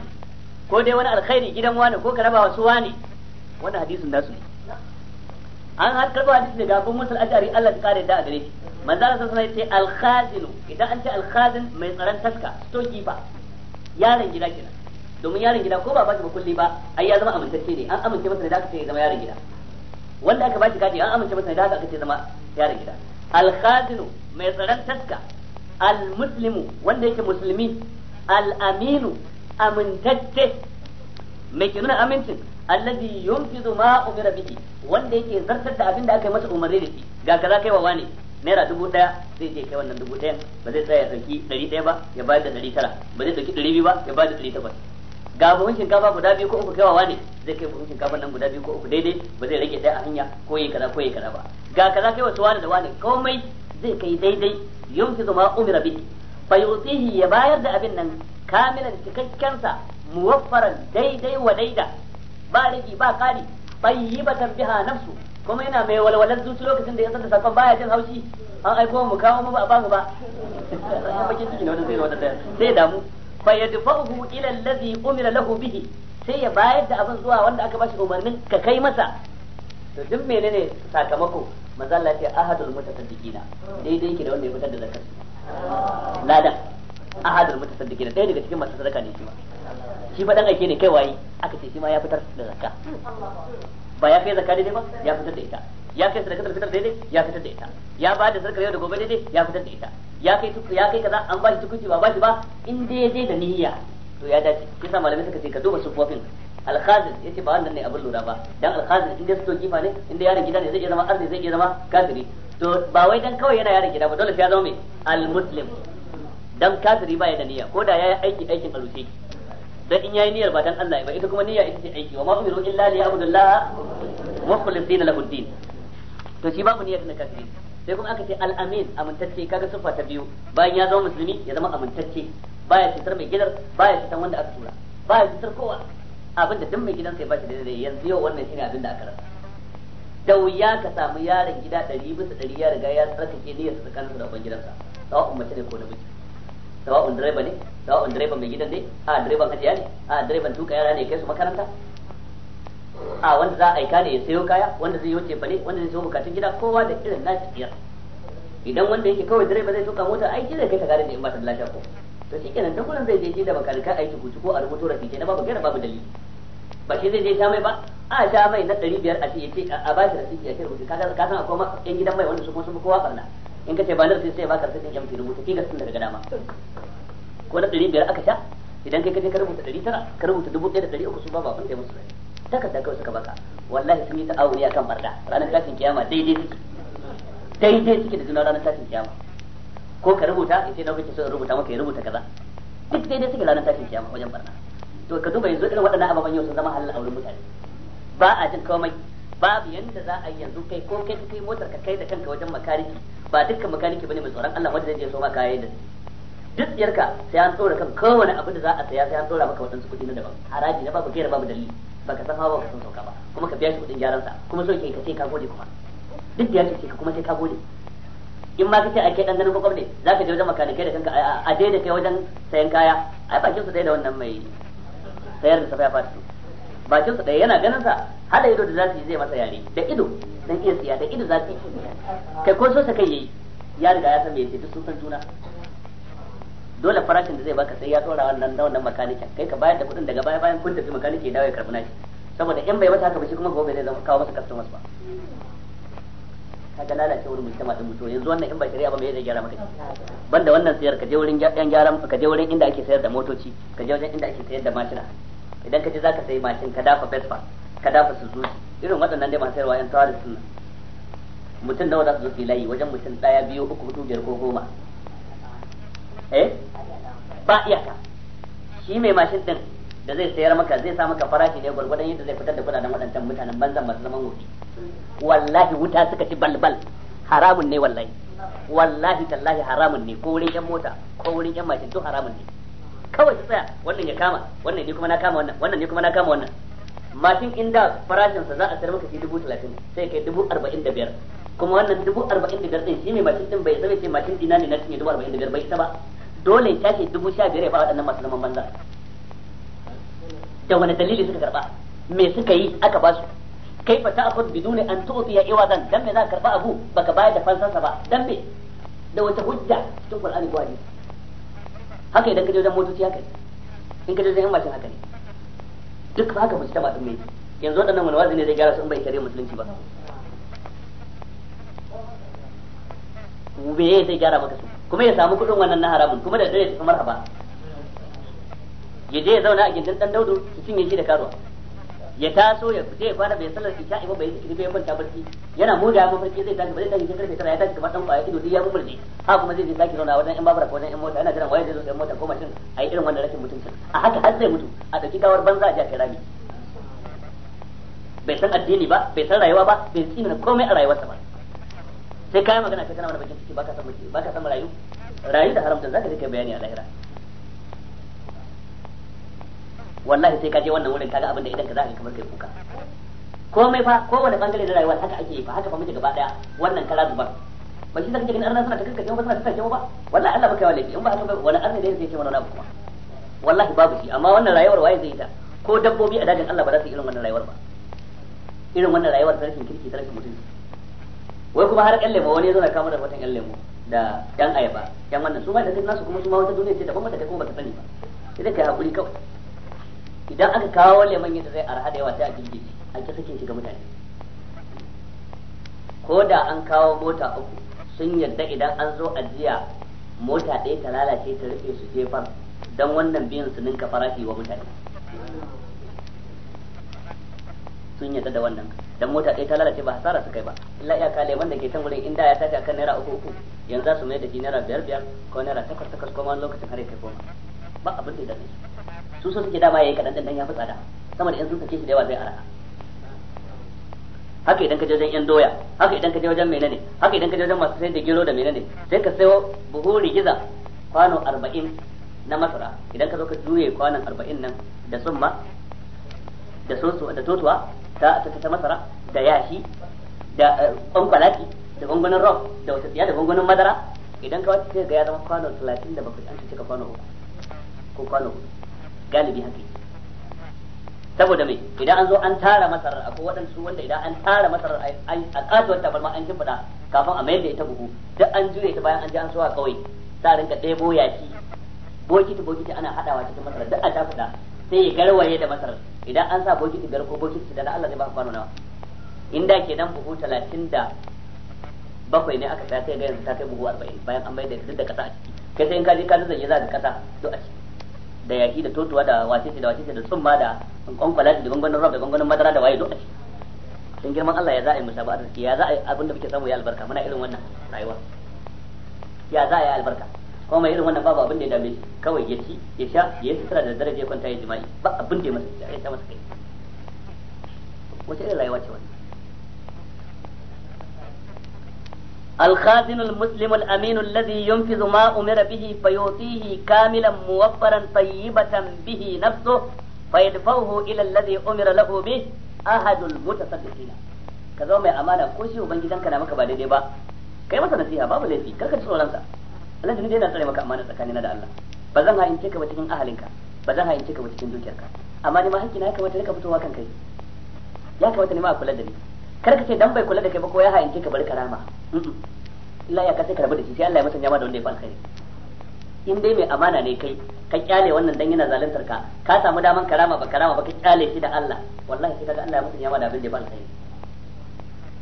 ko dai wani alkhairi gidan wane ko karaba wasu wane wannan hadisin nasu ne an har karba hadisi da gafin Musul ajiyar Allah ta kare da a gare shi manzo Allah sallallahu idan an ce alkhazin mai tsaron taska storekeeper yaron gida kenan domin yaron gida ko ba ba shi ba kulli ba ai ya zama amintacce ne an amince masa da aka ce zama yaron gida wanda aka ba shi gadi an amince masa da aka ce zama yaron gida al mai tsaron taska almuslimu wanda yake musulmi al’aminu amintacce mai ke nuna amincin alladhi yunfizu ma umira bihi wanda yake zartar da abin da aka yi masa umarni da shi ga kaza kai wa wane naira dubu daya zai je kai wannan dubu daya ba zai tsaya ya dauki dari daya ba ya bayar da dari tara ba zai dauki dari biyu ba ya bayar da dari takwas ga buhun shinkafa guda biyu ko uku kaiwa ne zai kai buhun shinkafa nan guda biyu ko uku daidai ba zai rage ɗaya a hanya ko yi kaza ko yi kaza ba ga kaza kai wasu wani da wani komai zai kai daidai yunfizu zuma umira bi fa yutihi ya bayar da abin nan kamilan cikakken sa muwaffaran daidai wa daida ba rigi ba kari tayyibatan biha nafsu kuma yana mai walwalar zuci lokacin da ya sanda sakon baya jin haushi an aiko mu kawo mu ba a ba mu ba [laughs] sai damu fa yadfa'uhu ila allazi umira lahu sai ya bayar da abin zuwa wanda aka bashi umarnin ka kai masa to duk menene sakamako manzo Allah ya ahadul mutasaddiqina daidai yake da wanda ya fitar da zakar ladan ahadul mutasaddiqina ɗaya daga cikin masu sadaka ne shi ma shi fa dan ake ne kai waye aka ce shi ma ya fitar da zakka ba ya kai zakka ne ba ya fitar da ita ya kai sadakatul fitar daidai ya fitar da ita ya ba da sarkar yau da gobe daidai ya fitar da ita ya kai ya kai kaza an ba shi tukunci ba ba shi ba in dai dai da niyya to ya dace kisa malamai suka ce ka duba sufofin alkhazin yace ba wannan ne abin lura ba dan alkhazin inda su kifa ne inda yaron gida ne zai iya zama arzi zai iya zama kafiri to ba wai dan kawai yana yaron gida ba dole sai ya zama mai almuslim dan kafiri ba ya da niyya ko da yayi aiki aikin alushe dan in yayi niyyar ba dan Allah ba ita kuma niyya ita ce aiki wa ma umiru illa li ya'budu Allah lahu din to shi babu niyyar na kafiri sai kuma aka ce al-amin amintacce kaga sufa ta biyu bayan ya zama musulmi ya zama amintacce baya cutar mai gidan baya cutar wanda aka tura baya cutar kowa abin da duk mai gidan sai ba shi daidai yanzu yau wannan shine abin da aka rasa da wuya ka samu yaron gida ɗari bisa ɗari ya riga ya tsarkake niyyar sa tsakanin da uban gidansa sawa'un mace ne ko namiji sawa'un direba ne sawa'un direban mai gidan ne a direban hajiya ne a direban tuka yara ne kai su makaranta a wanda za a aika ne ya sayo kaya wanda zai wuce fa ne wanda zai sayo bukatun gida kowa da irin nashi biyar idan wanda yake kawai direba zai tuka mota aiki zai kai ta gare da in ba ta lafiya ko to shi kenan dukkan zai je da ka aiki kuci ko a rubuto rafi na babu gaira babu dalili ba shi zai je sha mai ba a sha mai na ɗari biyar a ce ya ce a ba shi rasiti a ce rubutu ka ka san akwai yan gidan mai wanda su kuma sun fi kowa barna in ka ce ba na sai sai ba ka rasitin yan fi rubutu kinga sun daga dama ko na ɗari biyar aka sha idan kai ka je ka rubuta ɗari tara ka rubuta dubu ɗaya da ɗari uku su ba ba abin da musu takarda kawai suka baka wallahi sun yi ta'awuni akan barda ranar tashin kiyama daidai suke daidai suke da juna ranar tashin kiyama ko ka rubuta ita ce na kake so in rubuta maka ya rubuta kaza duk daidai suke ranar tashin kiyama wajen barna to ka duba yanzu irin waɗannan ababen yau sun zama halin auren mutane ba a jin komai babu yanda za a yi yanzu kai ko kai kai motar ka kai da kanka wajen makaniki ba dukkan makaniki bane mai tsoron Allah wanda zai je so maka yayin da duk diyarka sai an tsora kan kowane abu da za a saya sai an tsora maka waɗansu kuɗi na daban haraji na babu gaira babu dalili baka san hawa baka san sauka ba kuma ka biya shi kudin gyaran sa kuma so ke ka sai ka gode kuma duk da ya ce ka kuma sai ka gode in ma kace a ke dan ganin ko ne zaka je wajen makanikai da kanka a je da kai wajen sayan kaya ai bakin su dai da wannan mai sayar da safaya fatu bakin su dai yana ganin sa hada ido da zasu yi zai masa yare da ido dan iya siya da ido zasu yi kai ko so sa kai yayi ya riga ya san me yake duk sun san juna dole farashin da zai baka sai ya tsora wannan na wannan makanikin kai ka bayar da kuɗin daga baya bayan kun tafi makanikin ya dawo ya karɓi nashi saboda in bai mata haka ba shi kuma gobe zai zama kawo masa customers ba kaga lalace wurin mutum din mutum yanzu wannan in ba shari'a ba me zai gyara maka banda wannan sayar ka je wurin yan gyaran ka je wurin inda ake sayar da motoci ka je wajen inda ake sayar da mashina idan ka je zaka sayi mashin ka dafa Vespa ka dafa Suzuki irin waɗannan dai masu sayarwa yan tawaris sunna mutum nawa za su zo filayi wajen mutum daya biyu uku hudu biyar ko goma eh ba iyaka shi mai mashin din da zai sayar maka zai sa maka farashi da gwargwadon yadda zai fitar da kudaden waɗancan mutanen banzan masu zaman wuri wallahi wuta suka ci balbal haramun ne wallahi wallahi tallahi haramun ne ko wurin yan mota ko wurin yan mashin to haramun ne kawai tsaya wannan ya kama wannan ne kuma na kama wannan wannan ne kuma na kama wannan mashin inda farashinsa za a sayar maka shi dubu talatin sai kai dubu arba'in da biyar kuma wannan dubu arba'in da biyar din shi mai mashin din bai zama ce mashin dina ne na cinye dubu arba'in da biyar bai ba dole ya tashi dubu sha biyar ya ba waɗannan masu zaman banza da wani dalili suka karba me suka yi aka ba su kai fa ta'khud biduni an tu'tiya iwadan dan me za ka karba abu baka bayar da fansansa ba dan me da wata hujja cikin Qur'ani ko hadisi haka idan ka je wajen motoci haka ne in ka je wajen yan mashin haka ne duk ba haka mujtama din mai yanzu waɗannan wani wazi ne zai gyara su in bai shari'a musulunci ba me zai gyara maka su kuma ya samu kudin wannan na haramun kuma da dare su kamar haba ya je ya zauna a gindin dan daudu su cinye shi da karuwa ya taso ya fita ya fara bai sallar isha ba bai zikiri bai kwanta barci yana muda ya mafarki zai tashi bai tashi karfe tara ya tashi kamar dan kwaya ido duk ya bubulje ha kuma zai je saki zauna wajen yan babura ko wajen yan mota yana jiran waye zai zo yan mota ko mashin a yi irin wannan rashin mutuncin a haka har zai mutu a dauki gawar banza a ji a kai rami bai san addini ba bai san rayuwa ba bai tsina komai a rayuwarsa ba sai kayan magana sai kana mana bakin ciki baka san baki baka san rayu rayu da haramta zaka je kai bayani a lahira wallahi sai ka je wannan wurin kaga abinda idan ka zaka kamar kai kuka komai fa kowane bangare na rayuwa haka ake yi fa haka fa miji gaba daya wannan kala zubar ba shi zaka je ganin arna suna ta kaskace ba suna ta tace ba wallahi Allah baka wallahi in ba haka ba wani arna da zai ce mana na kuma wallahi babu shi amma wannan rayuwar waye zai ta ko dabbobi a dajin Allah ba za su yi irin wannan rayuwar ba irin wannan rayuwar sarkin kirki sarkin mutunci wai kuma har kallema wani yana kama da watan kalle da yan ayaba yan wannan su ma da nasu kuma su ma wata duniya ce daban wata kai kuma baka sani ba idan kai hakuri kawai idan aka kawo leman yadda zai arha da yawa sai a jirgi a ki sakin shi ga mutane ko da an kawo mota uku sun yadda idan an zo ajiya mota ɗaya ta lalace ta rufe su jefar don wannan biyan su ninka farashi wa mutane sun yadda da wannan dan mota ɗaya ta lalace ba hasara su kai ba illa iyaka leman da ke can wurin inda ya tashi akan naira uku uku yanzu za su mai da shi naira biyar biyar ko naira takwas takwas ko wani lokacin har ya kai goma ba abin da ya dace su so suke dama yayi kaɗan dan ya fi tsada sama da in sun sake shi da yawa zai arha haka idan ka je wajen yan doya haka idan ka je wajen menene haka idan ka je wajen masu sayar da gero da menene sai ka sayo buhu rigiza kwano arba'in na masara idan ka zo ka juye kwanon 40 nan da summa da sosuwa da totuwa ta ta masara da yashi da ƙwanƙwalaki eh, da gwangwanin rock da wata tsiya da gwangwanin madara idan ka wata ga ya zama kwano bakwai an cika kwano uku ko kwano hudu galibi haka yi saboda mai idan an zo an tara masarar akwai waɗansu wanda idan an tara masarar a ƙasuwar tabarma an shimfiɗa kafin a mayar da ita buhu duk an jure ta bayan an ji an so a kawai sa rinka ɗebo yaki bokiti bokiti ana haɗawa cikin masarar duk a ta da. sai ya garwaye da masarar idan an sa bokiti garko ko bokiti da Allah zai baka kwano nawa inda kenan buhu 37 da bakwai ne aka tsaya sai ga yanzu ta kai buhu 40 bayan an bayar da duk da kasa a ciki kai sai in ka je ka zazzage za ka kasa duk a ciki da yaki da totuwa da wacece da wacece da tsumma da kwankwala da gwangwanin rob da gwangwanin madara da waye duk a ciki sun girman Allah ya za a yi musabu arziki ya za a yi abinda da muke samu ya albarka muna irin wannan rayuwa ya za a yi albarka kuma mai irin wannan babu abin da ya dame shi kawai ya ci ya sha ya yi sutura da daraja ya kwanta ya jima'i ba abin da ya masa ya sha masa kai wace irin rayuwa ce wannan الخازن المسلم الأمين الذي ينفذ ما أمر به فيعطيه كاملا موفرا طيبة به نفسه فيدفعه إلى الذي أمر له به أحد المتصدقين كذا ما أمانة كوشي وبنجي كان مكبا دي با كيف تنسيها باب ليسي كيف تنسيها Allah ni dai tsare maka amana tsakanina da Allah ba zan hayince ka ba cikin ahalinka ba zan hayince ka ba cikin dukiyarka amma ni ma hakki na ya kamata rika fitowa kan kai ya kamata ni ma a kula da ni kar ka ce dan bai kula da kai ba ko ya hayince ka bari karama illa ya ka sai ka rabu da shi sai Allah ya musanya ma da wanda ya fi alkhairi in dai mai amana ne kai ka kyale wannan dan yana zaluntar ka ka samu daman karama ba karama ba ka kyale shi da Allah wallahi sai kaga Allah ya musanya ma da abin da ya fi alkhairi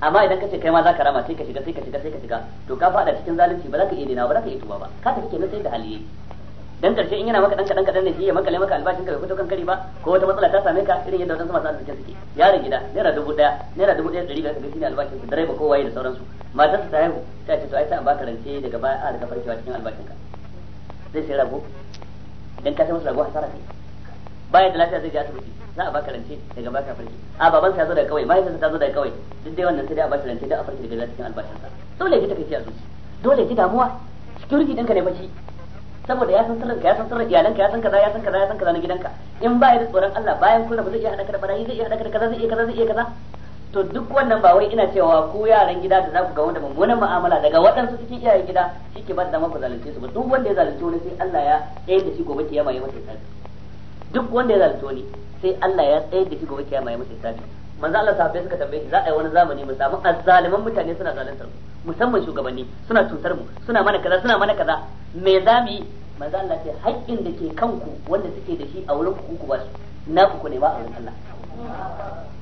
amma idan ka ce kai ma za ka rama sai ka shiga sai ka shiga sai ka shiga to ka fada cikin zalunci ba za ka iya daina ba za ka iya tuba ba ka tafi kenan sai da hali dan karshe in yana maka dan kadan kadan ne shi ya makale maka albashin ka bai fito kan kari ba ko wata matsala ta same ka irin yadda wadansu masu arzikin suke yaron gida naira dubu daya naira dubu daya dari biyar ga shine albashin su direba ko waye da sauransu matar su ta haihu ta ce to ai sai an baka rance daga baya a daga farkewa cikin albashin ka zai sai rago idan ka sai musu rago hasara kai baya da lafiya zai je asibiti za a baka rance daga baka farki a baban sa zo daga kawai mahaifin ta zo daga kawai duk dai wannan sai dai a baka rance da a farki daga cikin albashin sa dole ki take a su dole ki damuwa security ka ne bashi saboda ya san ka ya san sirrin iyalanka ya san kaza ya san kaza ya san kaza na gidanka in ba ya da tsoron Allah bayan kun rabu zai iya hada kada bara zai iya hada kada kaza zai iya kaza zai iya kaza to duk wannan ba wai ina cewa ku yaran gida da za ku ga wanda mummunan mu'amala daga waɗansu cikin iyaye gida shi ke ba da dama ku zalunce su ba duk wanda ya zalunce wani sai Allah ya yi da shi gobe kiyama ya masa tsari duk wanda ya zalunci ni sai Allah ya tsaye da shi gobe kiyama ya masa hisabi manzo Allah sahabbai suka tambaye shi za a yi wani zamani mu samu azzaliman mutane suna zaluntar mu musamman shugabanni suna cutar mu suna mana kaza suna mana kaza me za mu yi manzo Allah ce haƙƙin da ke kanku wanda suke da shi a wurin ku ku ba su na ku ne ma a wurin Allah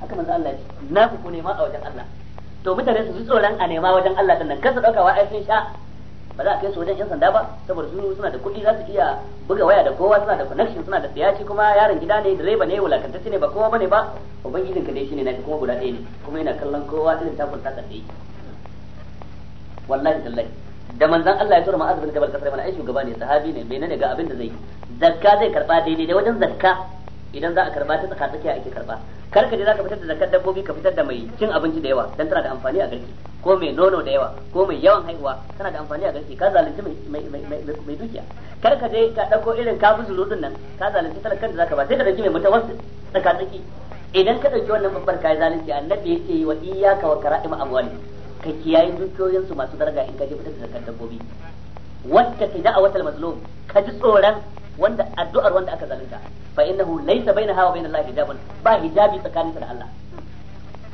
haka manzo Allah ce na ku ne ma a wajen Allah to mutane su ji tsoron a nema wajen Allah sannan kar su dauka wa ai sun sha ba za a kai su wajen yan sanda ba saboda su suna da kuɗi za su iya buga waya da kowa suna da connection suna da tsiyaci kuma yaron gida ne direba ne wulakantacce ne ba kowa bane ba ubangijin ka dai shine na kuma guda ɗaya ne kuma yana kallon kowa irin takun ta tsaye wallahi tallahi da manzon Allah ya tura ma'az bin Jabal kasar mana ai shugaba ne sahabi ne bai ne ga abin da zai zakka zai karba daidai da wajen zakka idan za a karba ta tsaka tsakiya ake karba kar ka je zaka fitar da zakkar dabbobi ka fitar da mai cin abinci da yawa dan tana da amfani a garki ko mai nono da yawa ko mai yawan haihuwa kana da amfani a gaske ka zalunci mai mai dukiya kar ka je ka dauko irin kafin zuludin nan ka zalunci talakan da zaka ba sai ka dauki mai mutawassit tsaka tsaki idan ka dauki wannan babbar kai zalunci annabi yi wa iyyaka wa kara'im amwali ka kiyaye dukiyoyin su masu daraja in ka je fitar da zakar dabbobi wanda ta da'awatul mazlum ka ji tsoron wanda addu'ar wanda aka zalunta fa innahu laysa bainaha wa bainallahi hijabun ba hijabi tsakaninsa da Allah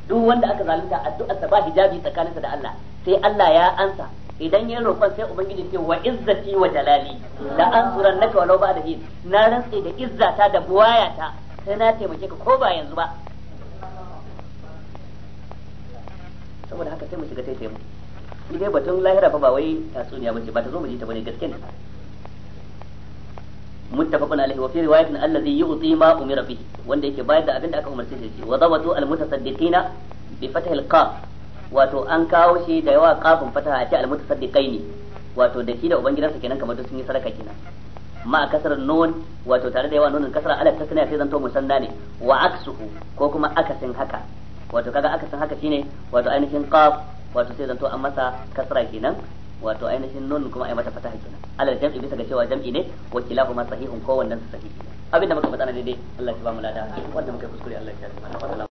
duk wanda aka zalunta addu'arsa ba hijabi tsakaninsa da Allah sai Allah ya ansa idan ya roƙon sai ubangiji ce wa izzati wa jalali la ansurannaka walau da hin na rantsi da izzata da buwayata sai na taimake ka ko ba yanzu ba saboda haka sai mu shiga sai sai mu idai batun lahira fa ba wai tatsuniya bace ba ta zo mu ji ta bane gaskiya muttafaqun alaihi wa fi riwayatin allazi yu'ti ma umira bihi wanda yake bayar da abin da aka umarce shi wa dawatu al mutasaddiqina bi fath al wato an kawo shi da yawa kafin fataha a ce al mutasaddiqaini wato da shi da ubangidansa kenan kamar sun yi sadaka kenan ma kasar nun wato tare da yawa nunin kasar ala tasniya sai zanto musanna ne wa aksuhu ko kuma akasin haka wato kaga akasin haka shine wato ainihin qaf wato sai zanto an masa kasra kenan wato ainihin nun kuma ai mata fataha kenan alal jam'i bisa ga cewa jam'i ne wa ma sahihun ko wannan sahihi abinda muka faɗa na dai Allah ya ba mu lada wanda muka kuskure Allah ya kiyaye